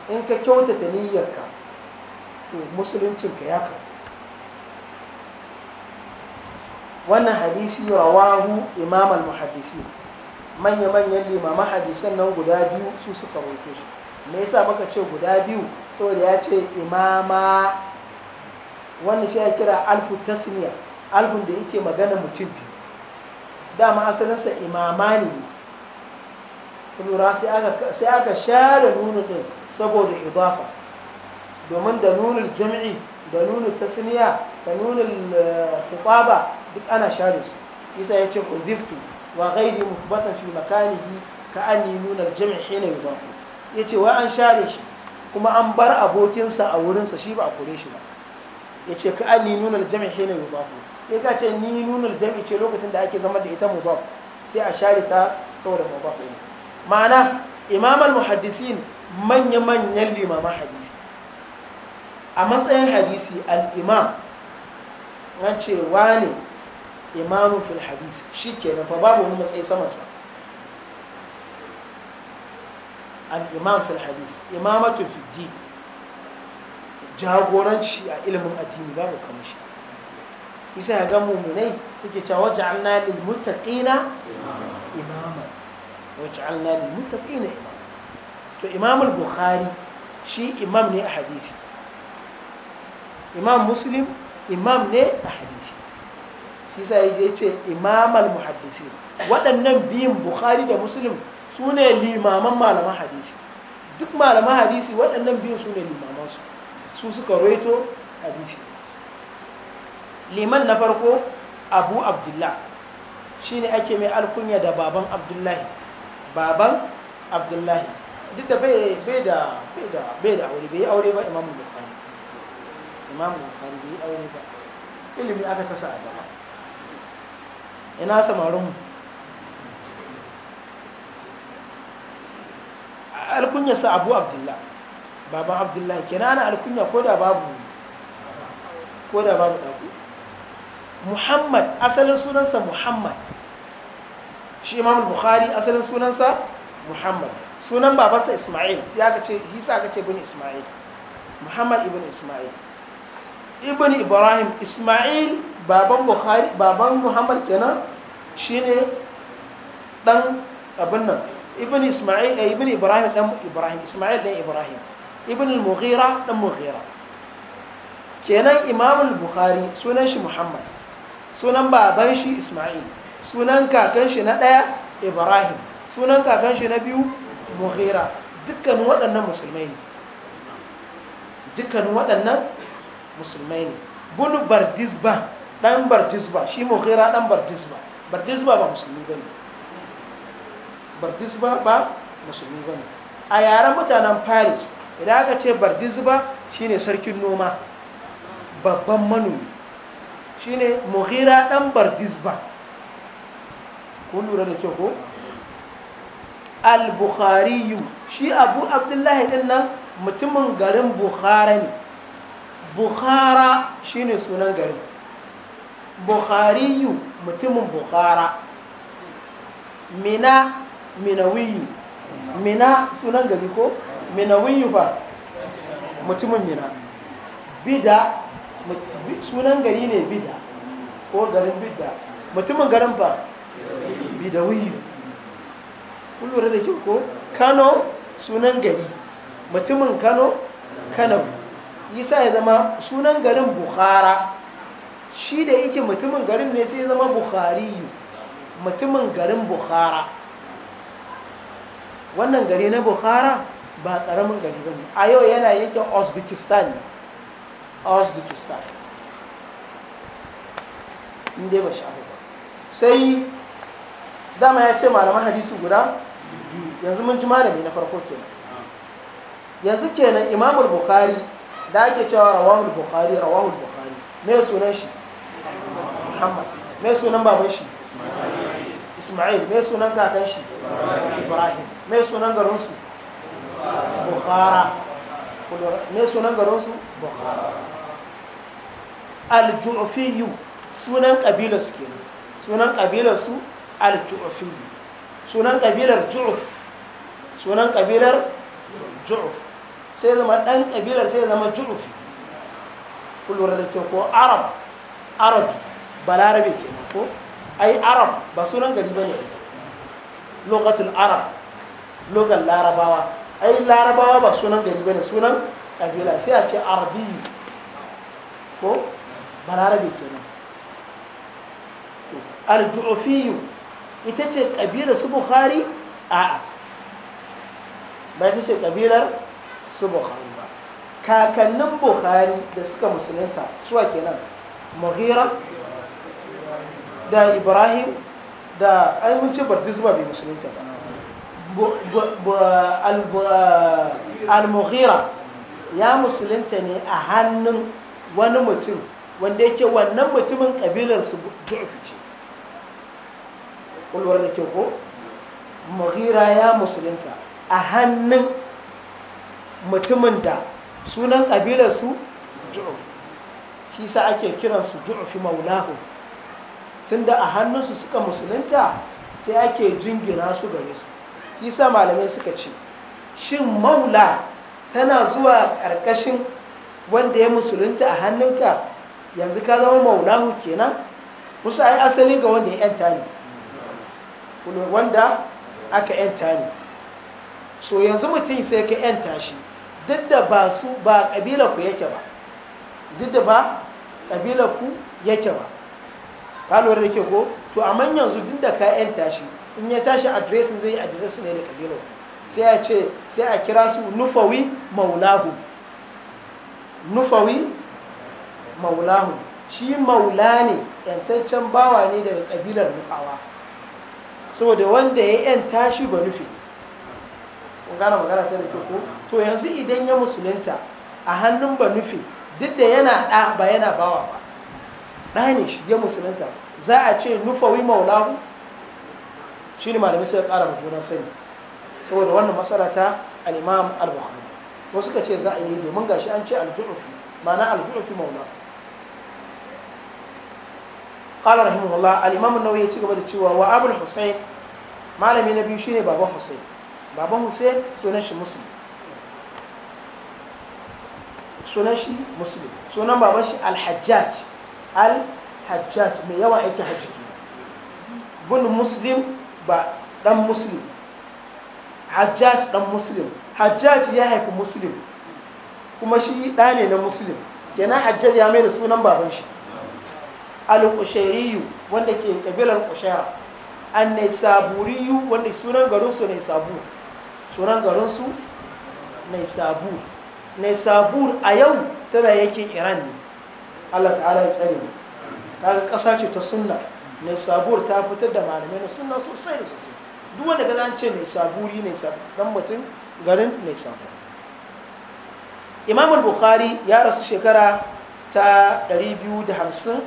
in ka kyautata niyyarka to musuluncinka ya kawo wannan hadisi rawahu imam al-muhaddisi manya-manyan limaman hadisan nan guda biyu su suka roƙe shi me yasa muka ce guda biyu saboda ya ce imama wannan shi ya kira alfu tasniya alfun da yake magana mutum biyu dama asalinsa imama ne lura sai aka share nuna din saboda idafa domin da nunin jam'i da nunin tasniya da nunin eh, khitaba duk ana share su isa yace kuziftu wa ghayri mufbatan fi makanihi ka anni nunul jam'i hina Ya ce wa an share shi kuma an bar abokinsa a wurinsa shi ba a kore shi ba yace ka anni nunul jam'i hina yudafu ya ce ni nunar jam'i ce lokacin da ake zama da ita mudaf sai a share ta saboda mudaf ne ma'ana imam al-muhaddisin manya-manyan limama hadisi a matsayin hadisi al'imam an ce wane imamun fil hadisi shi kenan fa babu wani matsayi samansa al'imam fil hadisi imamatun fiddi jagoranci a ilimin addini babu kamashi isa ya ga mummunai suke cewa waja'alna lil muttaqina imama waja'alna lil muttaqina imama to imamul bukhari shi imam ne a hadisi imam muslim imam ne a hadisi shi sa ya ce imam al-muhaddisi waɗannan biyun bukhari da muslim su ne limaman malaman hadisi duk malaman hadisi waɗannan biyun su ne limaman su su suka roito hadisi liman na farko abu abdullah shi ne ake mai alkunya da baban abdullahi baban abdullahi duk da bai da bai da aure bai aure ba imamu bukhari imamu bukhari bai aure ba ilimi aka tasa a gaba ina samarin alkunya sa abu abdullah baban abdullah kenan ana alkunya ko da babu ko da babu ɗaku muhammad asalin sunansa muhammad shi imamu bukhari asalin sunansa muhammad sunan babansa ismail sai aka ce shi sa aka ce bin ismail muhammad ibn ismail ibn ibrahim ismail baban bukhari baban muhammad kenan shine dan abin nan ibn ismail eh, ibn ibrahim dan ibrahim ismail dan ibrahim ibn al-mughira dan mughira kenan imam al-bukhari sunan shi muhammad sunan baban shi ismail sunan kakan shi na daya ibrahim sunan kakan shi na biyu muhira dukkanin waɗannan musulmai ne dukkanin waɗannan musulmai ne bunu bardisba ɗan bardisba shi muhira ɗan bardisba bardisba ba musulmi ba ne bardisba ba musulmi ba ne a yaren mutanen paris idan aka ce bardisba ne sarkin noma babban manomi ne muhira ɗan bardisba kun lura da kyau ko al-bukhariyu shi abu abdullahi din nan mutumin garin bukhara ne bukhara shine sunan garin bukhariyu mutumin bukhara mina minawiyu mina sunan gari ko minawiyu ba mutumin mina bida sunan gari ne bida ko garin bida mutumin garin ba bidawiyu kun lura da kyau ko kano sunan gari mutumin kano kano isa ya zama sunan garin bukhara shi da yake mutumin garin ne sai ya zama Bukhari mutumin garin bukhara wannan gari na bukhara ba karamin gari ba ne a yau yana yake uzbekistan ne uzbekistan inda ba shafi ba sai dama ya ce malaman hadisi guda yanzu mun ji malami na farko kenan yanzu kenan imamul bukhari da ake cewa rawahul bukhari rawahul bukhari me sunan shi muhammad me sunan baban shi isma'il me sunan kakan shi ibrahim me sunan garin su bukhara me sunan garin su bukhara al-ju'fiyyu sunan kabilar su kenan sunan kabilar su al-ju'fiyyu sunan kabilar ju'f sunan kabilar ju'uf sai zama dan kabilar sai zama ju'ufi kullum da ke ko arab arab balarabe ke ko ai arab ba sunan gari ba ne lokacin arab logan larabawa ai larabawa ba sunan gari ba ne sunan kabila sai a ce arabi ko balarabe ke nan al-ju'ufiyu ita ce kabilar su bukhari a'a ba ta ce kabilar su bukhari ba kakannin bukhari da suka musulunta suwa kenan mughira da ibrahim da ainihin zuwa bai musulunta ba al-mughira ya musulunta ne a hannun wani mutum wanda yake wannan mutumin kabilar su jirfi ce kulwar da ke ko mughira ya musulunta a hannun mutumin da sunan ƙabilarsu ju'uf shi sa ake kiransu ju'ufi maulahu tunda a hannunsu suka musulunta sai ake jingina su gare su shi sa malamai suka ce shin maula tana zuwa ƙarƙashin wanda ya musulunta a hannunka yanzu ka zama maulahu kenan musu ai asali ga wanda ya yanta ne wanda aka yanta ne so yanzu mutum sai ka yanta shi duk da ba su ba kabila ku yake ba duk da ba kabila ku yake ba ka lura da ke ko to amma yanzu duk da ka yanta shi in ya tashi adiresin zai yi adiresin ne da kabila ku sai a ce sai a kira su nufawi maulahu nufawi maulahu shi maula ne yantaccen bawa ne daga ƙabilar nufawa saboda wanda ya yanta shi ba nufi gane magana ta da ke ko to yanzu idan ya musulunta a hannun ba nufi duk da yana ɗa ba yana bawa ba ɗa ne shi ya musulunta za a ce nufawi maulahu shi ne malamai suka ƙara ma juna sani saboda wannan masara ta al'imam al-bukhari wasu ka ce za a yi domin gashi an ce al-ju'ufi ma'ana al-ju'ufi maulahu قال رحمه الله الامام النووي يتكلم cewa wa abul الحسين مالمي نبي biyu shine حسين baban hussein sunan shi muslim sunan shi muslim sunan baban shi al-hajjaj al-hajjaj mai yawan aikin hajji bin muslim ba dan muslim hajjaj dan muslim hajjaj ya haifi muslim kuma shi ɗa ne na muslim kenan hajjaj ya mai da sunan baban shi al-qushairiyu wanda ke ƙabilar qushaira an Saburiyu wanda sunan garinsu ne sabu tsoron garinsu mai sabur. a yau tana yakin iran ne allah ta'ala ya tsare ne. kaga ƙasa ce ta sunna sabur ta fitar da malamai na sunna sosai da sosai duk wanda ga zance saburi naisabur dan mutum garin sabur imamul bukhari ya rasu shekara ta 256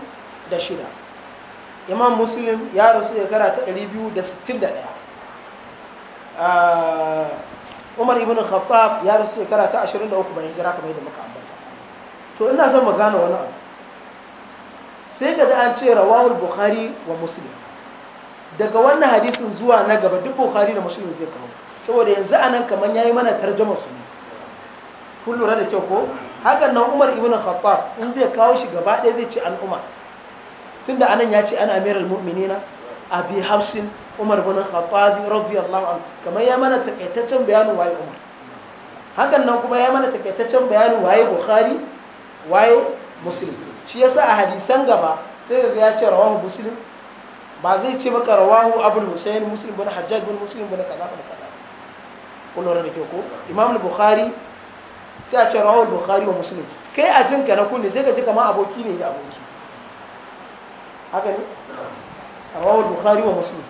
imam muslim ya rasu shekara ta 261 Ah, umar ibn khattab ya rasu shekara ta 23 bayan jira kamar yadda muka ambata to ina son mu gane wani abu sai ka an ce rawahul bukhari wa muslim daga wannan hadisin zuwa na gaba duk bukhari da muslim zai kawo saboda yanzu anan kamar ya yi mana tarjamar su ne kun lura da kyau ko hakan nan umar ibn khattab in zai kawo shi gaba ɗaya zai ce an tunda anan ya ce ana amiral mu'minina abi hafsin umar bin khattabi radiyallahu anhu kamar ya mana takaitaccen bayanin waye umar hakan nan kuma ya mana takaitaccen bayanin waye bukhari waye muslim shi yasa a hadisan gaba sai ga ya ce rawahu muslim ba zai ce maka rawahu abul husayn muslim bin hajjaj bin muslim bin kaza kaza kaza kullu da ke ko imam bukhari sai a ce rawahu bukhari wa muslim kai a jinka na kunne sai ka ji kamar aboki ne da aboki haka ne rawahu bukhari wa muslim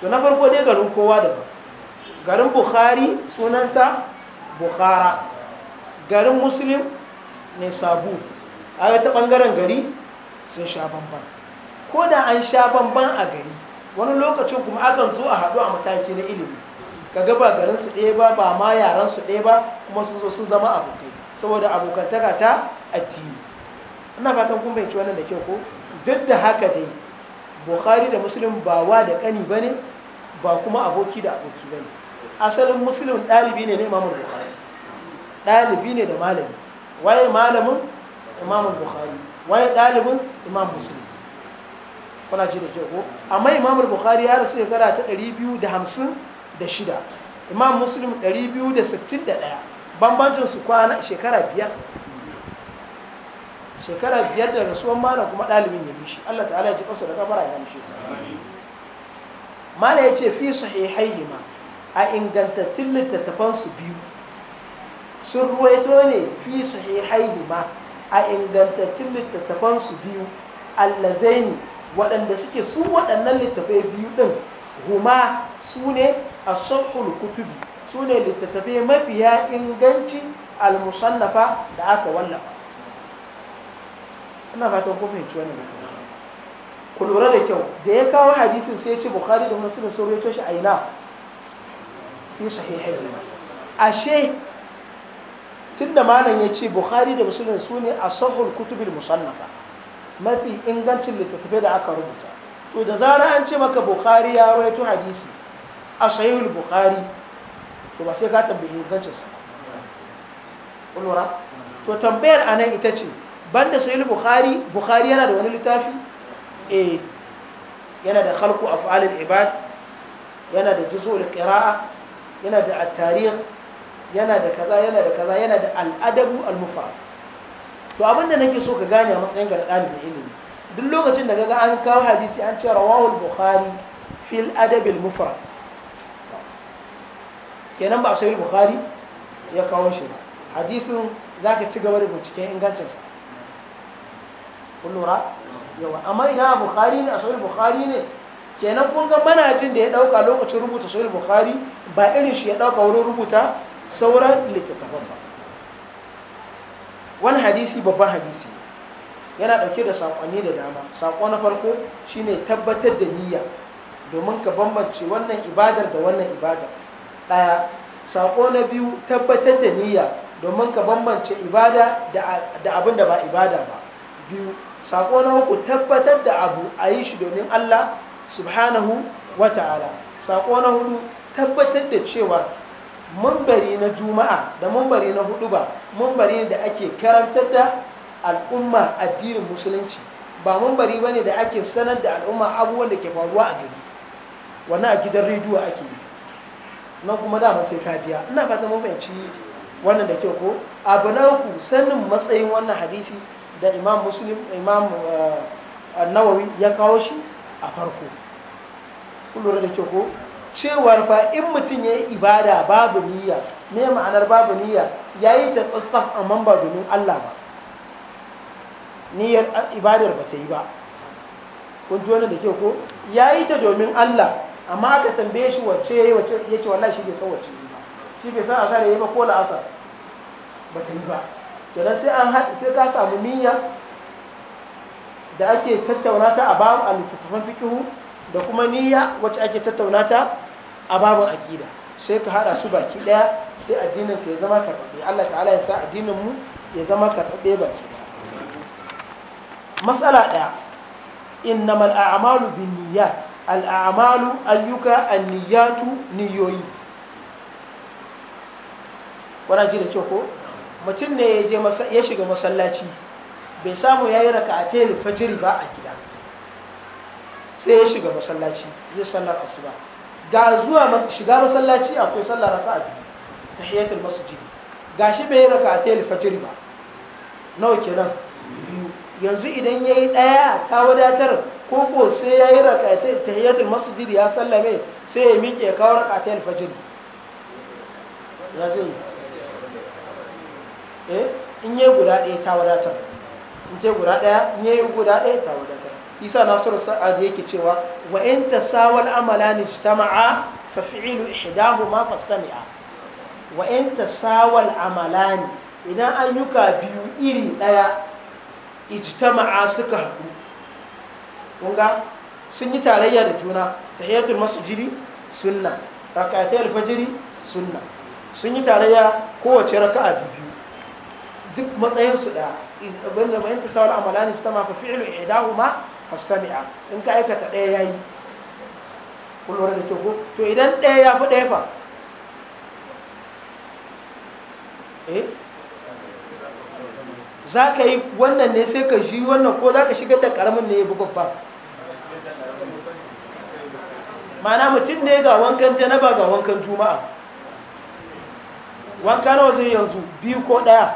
to na farko dai garin kowa daban garin bukhari sunanta bukhara garin muslim ne sabu a ta ɓangaren gari sun sha banban ko da an sha bamban a gari wani lokacin kuma akan zo a haɗu a mataki na ilimi ka gaba garin su ɗaya ba ba ma yaran su ɗaya ba kuma sun zo sun zama abokai saboda abokantaka ta addini ina fatan kun bai ci wannan da kyau ko duk da haka dai bukhari da muslim ba wa da kani ba ne ba kuma aboki da aboki ba ne asalin muslim ɗalibi ne na imamun bukhari ɗalibi ne da malami waye malamin imamun bukhari waye ɗalibin imam muslim kuna ji da kyau ko amma imamun bukhari ya rasu shekara ta 256 imam muslim 261 bambancin su kwana shekara biyar shekara biyar da rasuwan malam kuma ɗalibin ya mishi Allah ta'ala ya ji kansa da kabara ya mishi su malam ya ce fi sahihaihima a ingantattun littattafansu su biyu sun ruwaito ne fi sahihaihima a ingantattun littattafan biyu allazaini waɗanda suke su waɗannan littattafai biyu ɗin huma su ne a kutubi su ne littattafai mafiya inganci al-musannafa da aka wallafa ina fatan ko fahimci wannan mutum ku lura da kyau da ya kawo hadisin sai ya ce bukhari da muslim sun rawaito shi a ina fi sahihai ashe tunda malam ya ce bukhari da muslim su ne a sahul kutubil musannafa mafi ingancin littattafai da aka rubuta to da zara an ce maka bukhari ya rawaito hadisi a sahihul bukhari to ba sai ka tambayi ingancin ku lura to tambayar anan ita ce banda sahih bukhari bukhari yana da wani littafi eh yana da khalqu af'al al-ibad yana da juz'u al-qira'a yana da at-tarikh yana da kaza yana da kaza yana da al adab al-mufrad to abinda nake so ka gane a matsayin ga dalibi ilimi duk lokacin da kaga an kawo hadisi an ce rawahu al-bukhari fil adab al-mufrad kenan ba sahih bukhari ya kawo shi ba hadisin zaka ci gaba da binciken ingancinsa kun lura yawa amma ina bukhari ne a sahih bukhari ne kenan kun ga manajin da ya dauka lokacin rubuta sahih bukhari ba irin shi ya dauka wurin rubuta sauran littattafan ba wani hadisi babban hadisi yana dauke da sakonni da dama sako na farko shine tabbatar da niyya domin ka bambance wannan ibadar da wannan ibadar daya sako na biyu tabbatar da niyya domin ka bambance ibada da abinda ba ibada ba biyu sako na uku tabbatar da abu a yi shi domin Allah subhanahu wa ta'ala sako na hudu tabbatar da cewa mambari na juma'a da mambari na hudu ba mambari da ake karantar da al'umma addinin musulunci ba mambari ba ne da ake sanar da al'umma abubuwan da ke faruwa a gari wani a gidan rediyo ake yi nan kuma dama sai ka biya ina fata mun wannan da kyau ko abu na uku sanin matsayin wannan hadisi da imam muslim imam eh, nawawi ya kawo shi a farko kullum da ke ko cewar fa in mutum ya yi ibada babu niyya me ma'anar babu niyya ya yi ta tsastaf amma ba domin allah ba niyyar eh, ibadar ba ta yi ba kun ji da ke ko ya yi ta domin allah amma aka tambaye shi wace ya ce wallahi shi bai san wace yi ba shi bai san asar ya yi ba ko la'asar ba ta yi ba kenan sai an haɗa sai ka samu niyya da ake tattauna ta a babu a littattafan fikihu da kuma niyya wacce ake tattauna ta a babun akida sai ka haɗa su baki ɗaya sai addinin ka ya zama karɓaɓɓe Allah ta'ala ya sa addinin mu ya zama karɓaɓɓe baki ɗaya matsala ɗaya innamal a'malu bin niyyat al a'malu ayyuka an niyyatu niyoyi Wani ji da kyau ko mutum ne ya je ya shiga masallaci bai samu ya yi raka a fajiri ba a gida sai ya shiga masallaci zai sallar asuba ga zuwa shiga masallaci akwai sallar raka a biyu ta masu masjidi ga shi bai yi raka a fajiri ba nawa kenan biyu yanzu idan ya yi ɗaya ta wadatar koko sai ya yi raka masu masjidi ya sallame sai ya miƙe kawo raka a fajiri ya zai yi Eh? in yi guda ɗaya ta wadatar in ta guda ɗaya in yi guda ɗaya ta wadatar isa nasiru sa'ad yake cewa wa in amala amalani jtama'a fa fi'ilu ihdahuma fastami'a wa in amala amalani idan ayyuka biyu iri ɗaya ijtama'a suka haɗu kunga sun yi tarayya da juna tahiyatul masjidi sunna rakatai alfajiri sunna sun yi tarayya kowace raka'a biyu duk matsayin su da abinda mai ta sawar amalani su tama fa fi'lu ma fastami'a in ka aikata daya yayi kun lura da kyau to idan daya ya fi daya fa eh za ka yi wannan ne sai ka shi wannan ko za ka shigar da karamin ne ya bi babba ma'ana mutum ne ga wankan janaba ga wankan juma'a wanka nawa zai yanzu biyu ko ɗaya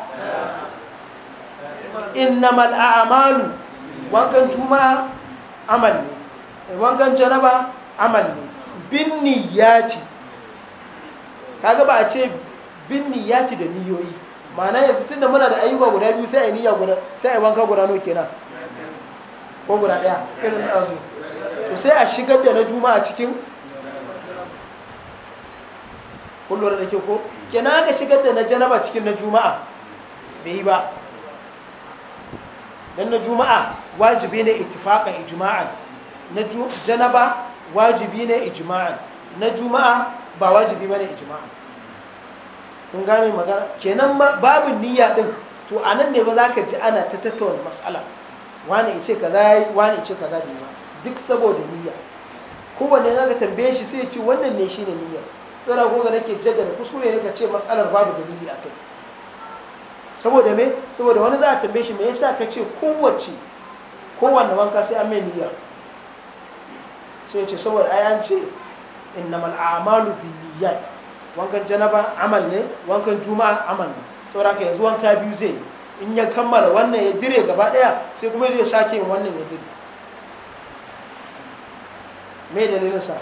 inna mal'amalu wankan juma'a amal ne wankan janaba amal ne ya ci kaga ba a ce binni ya ci da niyoyi ma'ana yanzu da muna da ayyuka guda biyu sai a niyya guda sai a wanka guda n'o kenan ko guda ɗaya irin ɗazu to sai a shigar da na juma'a cikin kullum da ke ko na aka shigar da na janaba cikin na juma'a bai yi ba don na juma'a wajibi ne ittifaqan ijma'an na janaba wajibi ne ijma'an na juma'a ba wajibi ne ijma'an kun gane magana kenan babu niyya din to a nan ne ba za ka ji ana ta tattauna matsala wani ya ce kaza yi wani ice ka za duk saboda niyya kowane za ka tambaye shi sai ya ce wannan ne shi ne niyyar tsara ko ga nake jaddada kuskure ne ka ce matsalar babu dalili a kai saboda me saboda wani za a tambaye shi me yasa ka ce kowace kowanne wanka sai an mai niyya sai ce saboda ai an ce innamal a'malu binniyat wankan janaba amal ne wankan juma'a amal ne saboda ka yanzu wanka biyu zai in ya kammala wannan ya dire gaba daya sai kuma zai sake wannan ya dire me dalilinsa sa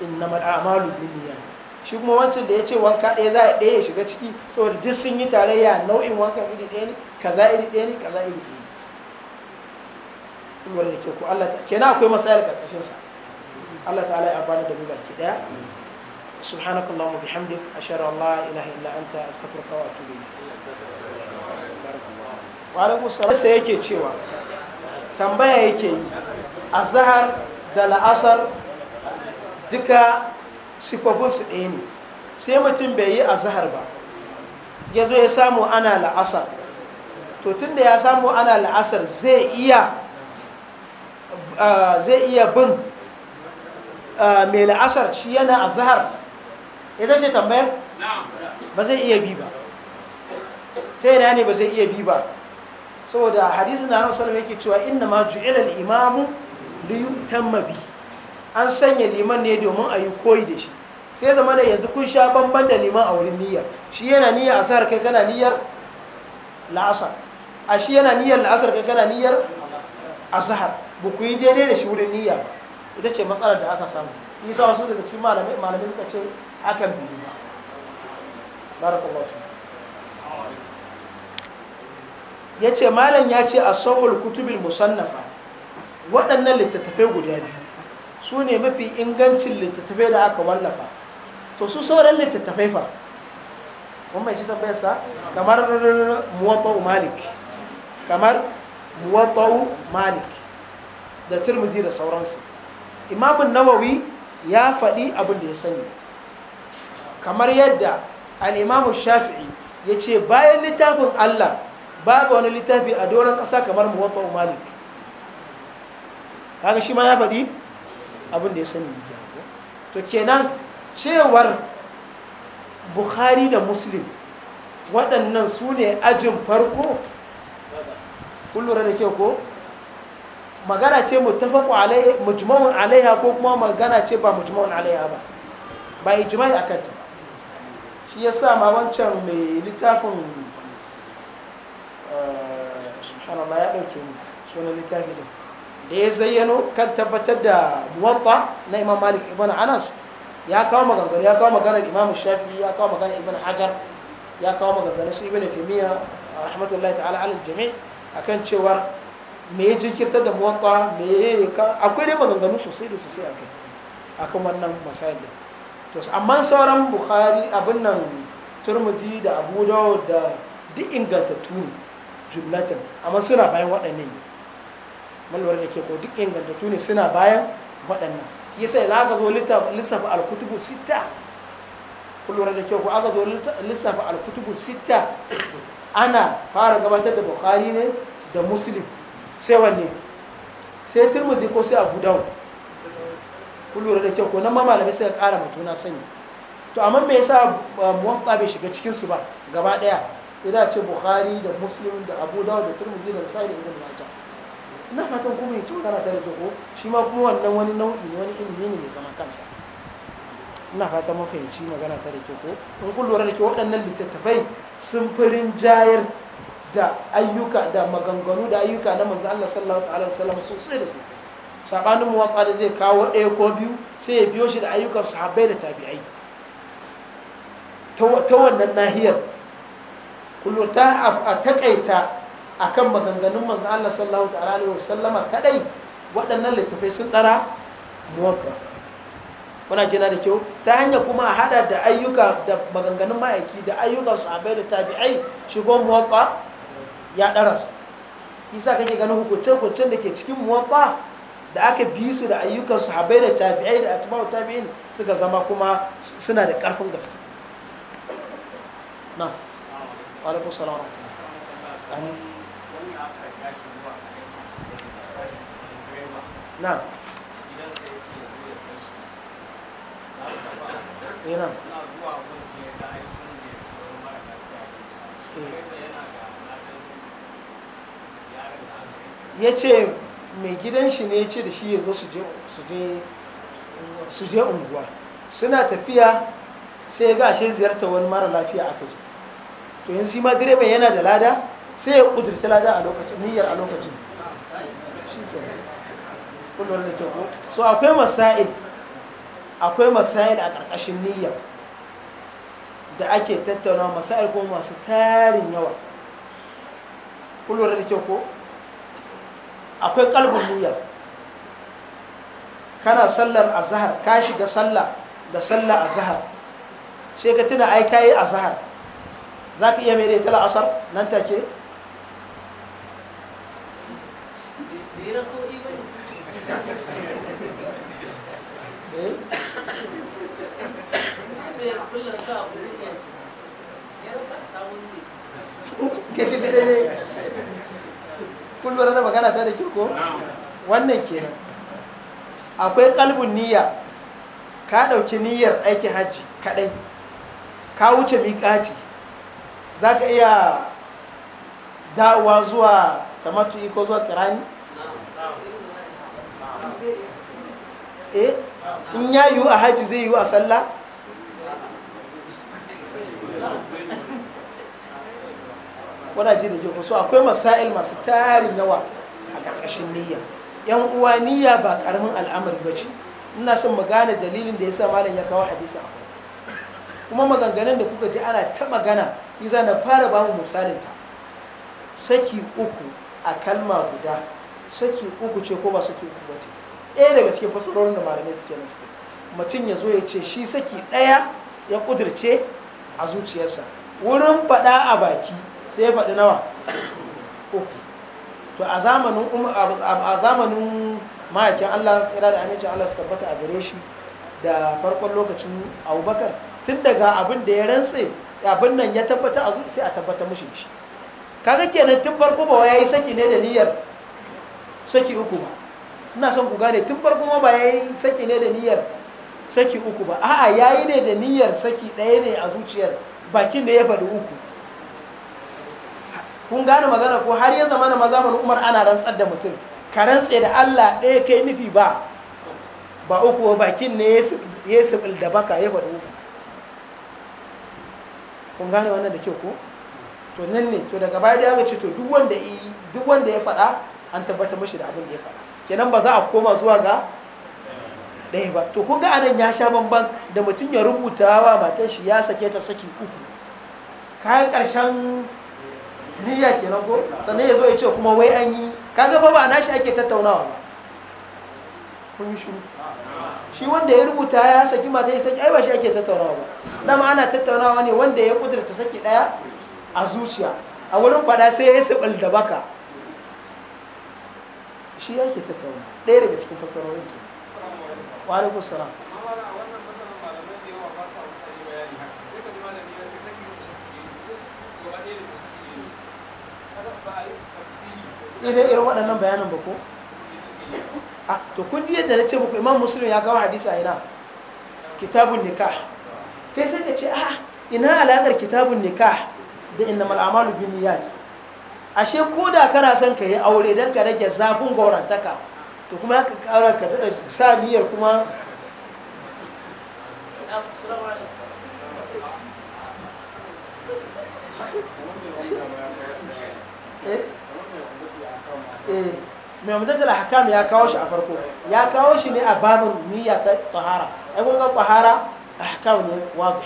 innamal a'malu binniyat shi kuma wancan da ya ce wanka ɗaya za a ɗaya ya shiga ciki saboda duk sun yi tarayya nau'in wankan iri ɗaya ne kaza iri ɗaya ne kaza iri ɗaya ne da ke ku Allah ta kenan akwai matsayar karkashin sa Allah ta'ala ya bani da mu ke ɗaya subhanakallahumma bihamdik ashhadu an la ilaha illa anta astaghfiruka wa atubu ilayk wa alaikum salam sai yake cewa tambaya yake yi azhar da la'asar duka siffofin su ɗaya ne sai mutum bai yi azhar ba ya zo ya samu ana la'asar to tun da ya samu ana la'asar zai iya zai iya bin mai la'asar shi yana azhar ita ce tambayar ba zai iya bi ba ta yana ne ba zai iya bi ba saboda hadisi na hannun salama yake cewa inna ma ju'ilal al-imamu li yutamma bi an sanya liman ne domin a yi koyi da shi sai zama da yanzu kun sha bamban da liman a wurin niyyar shi yana niyyar asar kai kana niyyar la'asar a shi yana niyyar la'asar kai kana niyyar asahar ba ku yi daidai da shi wurin niyya ba ita ce matsalar da aka samu nisa wasu daga cikin malamai malamai suka ce hakan biyu ba barakallahu ya ce malam ya ce a sawul kutubil musannafa waɗannan littattafai guda biyu su ne mafi ingancin littattafai da aka wallafa to su sauran littattafai fa wani mai ci tambayarsa kamar muwatta'u malik kamar muwatta'u malik da turmudi da sauransu imamun nawawi ya faɗi abin da ya sani kamar yadda al'imamun shafi'i ya ce bayan littafin allah babu wani littafi a doron ƙasa kamar muwatta'u malik kaga shi ma ya faɗi abin da ya sani ya to kenan cewar bukhari da muslim waɗannan su ne ajin farko kun lura da ke ko magana ce mutafaku alaiha mujma'un alaiha ko kuma magana ce ba mujma'un alaiha ba ba yi jima'i a kanta shi ya ma mawancan mai littafin ma eh, ya ɗauke mu sunan littafi ne. da ya zayyano kan tabbatar da muwatta na imam malik ibn anas ya kawo maganganu ya kawo maganar imam shafi ya kawo maganar ibn hajar ya kawo maganganun su ibn taymiya rahmatullahi ta'ala alal jami' akan cewa me ya jinkirtar da muwatta me ya ka akwai ne maganganu sosai da sosai akai akan wannan masali to amma sauran bukhari abin nan turmudi da abu da duk ingantattu ne jumlatin amma suna bayan waɗannan ne malwar da ke ko duk ingantattu ne suna bayan waɗannan ya sai za ka zo lissafa alkutubu sita kullum da ke ko aka zo lissafa alkutubu sita ana fara gabatar da bukhari ne da muslim sai wanne sai turmudi ko sai abu dawud kullum da ke ko nan ma malamai sai ka ƙara na sani to amma me yasa muwatta bai shiga cikin su ba gaba ɗaya idan ce bukhari da muslim da abu dawo da turmudi da sai da ibn majah ina fatan kuma ya ci magana ta da ko shi ma kuma wannan wani nau'i wani ilimi ne mai zaman kansa ina fatan mafahimci magana ta da ko in kun lura da ke waɗannan littattafai sun firin jayar da ayyuka da maganganu da ayyuka na manzan Allah sallallahu alaihi sallama sosai da sosai sabanin muwatta da zai kawo ɗaya ko biyu sai ya biyo shi da ayyukan sahabbai da tabi'ai ta wannan nahiyar kullum ta a taƙaita. akan maganganun manzan Allah sallallahu ta'ala alaihi Sallama kadai waɗannan littafai sun ɗara muwabba kuna jina da kyau ta hanyar kuma a hada da ayyuka da maganganun ma'aiki da ayyukan sahabbai da tabi'ai shigo muwabba ya ɗara su isa kake ganin hukunce-hukuncen da ke cikin muwabba da aka bi su da ayyukan sahabbai da tabi'ai da atba'u tabi'in suka zama kuma suna da ƙarfin gaske na alaikum salam Amin. na eh, eh. ya ce mai gidan shi ne ya ce da shi ya zo su je unguwa suna tafiya sai ga ashe ziyarta wani mara lafiya aka ji to yanzu ma direban yana da lada sai ya kudurci ladan a lokacin niyyar a lokacin kullum da kyau so akwai masail akwai masail a ƙarƙashin niyyar da ake tattauna masail ko masu tarin yawa kullum da kyau ko akwai kalbin niyyar kana sallar a zahar, ka shiga sallah da sallah azhar sai ka tuna a zahar. Za ka iya mai da asar nan take kai kai kai kun lura da magana ta da ke ko wannan kenan akwai kalbin niyya ka ɗauki niyyar aikin hajji kaɗai ka wuce miƙaci za ka iya dawowa zuwa tamatu iko zuwa kirani eh, in ya yiwu a hajji zai yiwu a sallah wana ji da jirgin so akwai masail masu tarin yawa a ƙarƙashin niyya yan uwa niyya ba ƙaramin al'amari ba ce ina son mu gane dalilin da ya sa malam ya kawo hadisi kuma maganganun da kuka ji ana ta magana iza na fara ba mu misalin ta saki uku a kalma guda saki uku ce ko ba saki uku ba ce ɗaya daga cikin fasarorin da malamai suke nasu mutum ya zo ya ce shi saki ɗaya ya ƙudurce a zuciyarsa wurin faɗa a baki sai faɗi nawa uku to a zamanin a zamanin ma'aikin Allah tsira da amincin Allah su tabbata a gare shi da farkon lokacin Abubakar tun daga abin da ya rantse abin nan ya tabbata a sai a tabbata mushi da shi kaga kenan tun farko ba yi saki ne da niyyar saki uku ba ina son ku gane tun farko ma ba yayi saki ne da niyyar saki uku ba a'a yayi ne da niyyar saki ɗaya ne a zuciyar bakin da ya faɗi uku kun gane magana ko har ya zama na mazamanin umar ana rantsar da mutum ka rantse da allah ɗaya kai nufi ba ba uku bakin ne ya sibil da baka ya faɗi uku kun gane wannan da kyau ko to nan ne to daga baya ya gaci to duk wanda ya faɗa an tabbatar mashi da abin da ya faɗa kenan ba za a koma zuwa ga ɗaya ba to kun ga anan ya sha bamban da mutum ya rubuta wa matar shi ya sake ta saki uku kayan ƙarshen niyya kenan ko sannan ya zo ya ce kuma wai an yi kaga fa ba shi ake tattaunawa ba kun yi shi shi wanda ya rubuta ya saki mata ya saki ai ba shi ake tattaunawa ba dama ana tattaunawa ne wanda ya kudurta saki daya a zuciya a wurin fada sai ya sabal da baka shi yake tattaunawa ɗaya daga cikin fasarorin ke wa alaikum salam irin irin waɗannan bayanan ba ko to kun ji yadda na ce muku imam muslim ya kawo hadisa ina kitabun nikah kai sai ka ce a ina alaƙar kitabun nikah da inna mal'amalu bin niyyat ashe ko da kana son ka yi aure dan ka rage zafin gaurantaka to kuma ka ƙara ka daɗa sa niyyar kuma eh Eh, mai mudajjal hakam ya kawo shi a farko ya kawo shi ne a babin niyya ta tahara ai kun ga tahara ahkam ne wadih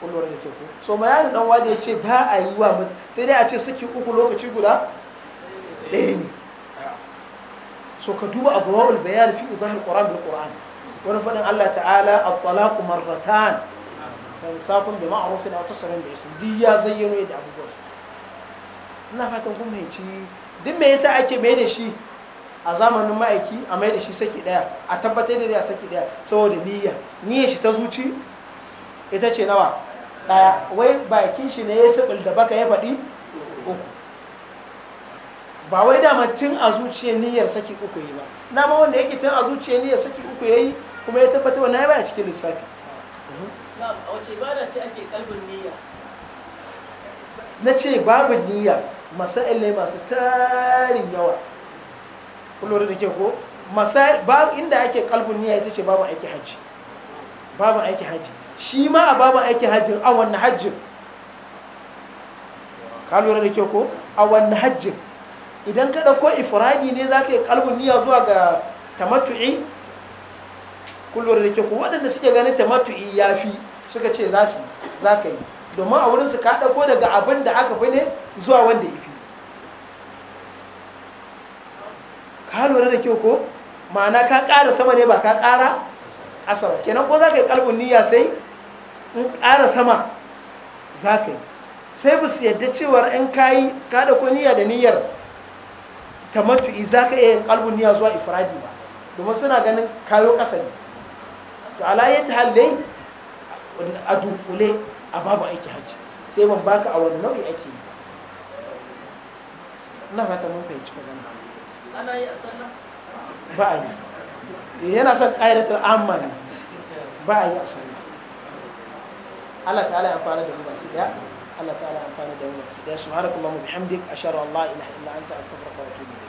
kullum da ke ku so bayanin dan wadi ya ce ba a yi wa sai dai a ce suke uku lokaci guda ɗaya ne so ka duba abuwa'ul bayan fi idahil qur'an bil qur'an wani faɗin Allah ta'ala at-talaq marratan safin bi ma'rufin aw tasrifin bi ihsan diya zayyano da abubuwan ina fatan kun fahimci duk me yasa ake mai da shi a zamanin ma'aiki a mai da shi saki daya a tabbatar da ya saki daya saboda niyya niyyar shi ta zuci ita ce nawa daya wai bakin shi ne ya sabul da baka ya faɗi uku ba wai dama tun a zuciyar niyyar saki uku yi ba na ma wanda yake tun a zuciyar niyyar saki uku yayi kuma ya tabbatar wannan ya baya cikin lissafi na ce babu niyya masail ne masu tarin yawa kullum da ke ko ba inda ake kalbun niyya ita ce babu aiki hajji babu aiki hajji shi ma a babu aiki hajji a wanne hajji ka lura da ke ko a wanne hajji idan ka ɗauko ifradi ne za ka yi kalbun niyya zuwa ga tamatu'i kullum da ke ko waɗanda suke ganin tamatu'i ya fi suka ce za su za ka yi domin a wurinsu ka ɗauko daga abin da aka fi ne zuwa wanda ya fi ka lura da kyau ko ma'ana ka ƙara sama ne ba ka ƙara asara kenan ko za ka yi kalbin niyya sai in ƙara sama za ka yi sai ba su yadda cewar in ka yi ka ɗauko niyya da niyyar ta matu'i za ka iya yin niyya zuwa ifradi ba domin suna ganin kayo ƙasa ne to ala ya ta a dunkule a babu aiki hajji sai ban baka a wani nau'i ake yi ina fata mun fahimci magana ana yi a sallah ba a yi eh, yana son ƙayyadatar amma ne ba a yi a sallah Allah ta'ala ya amfana da mu baki daya Allah ta'ala ya amfana da mu baki daya subhanakallahumma bihamdik ashhadu an la ilaha illa anta astaghfiruka wa atubu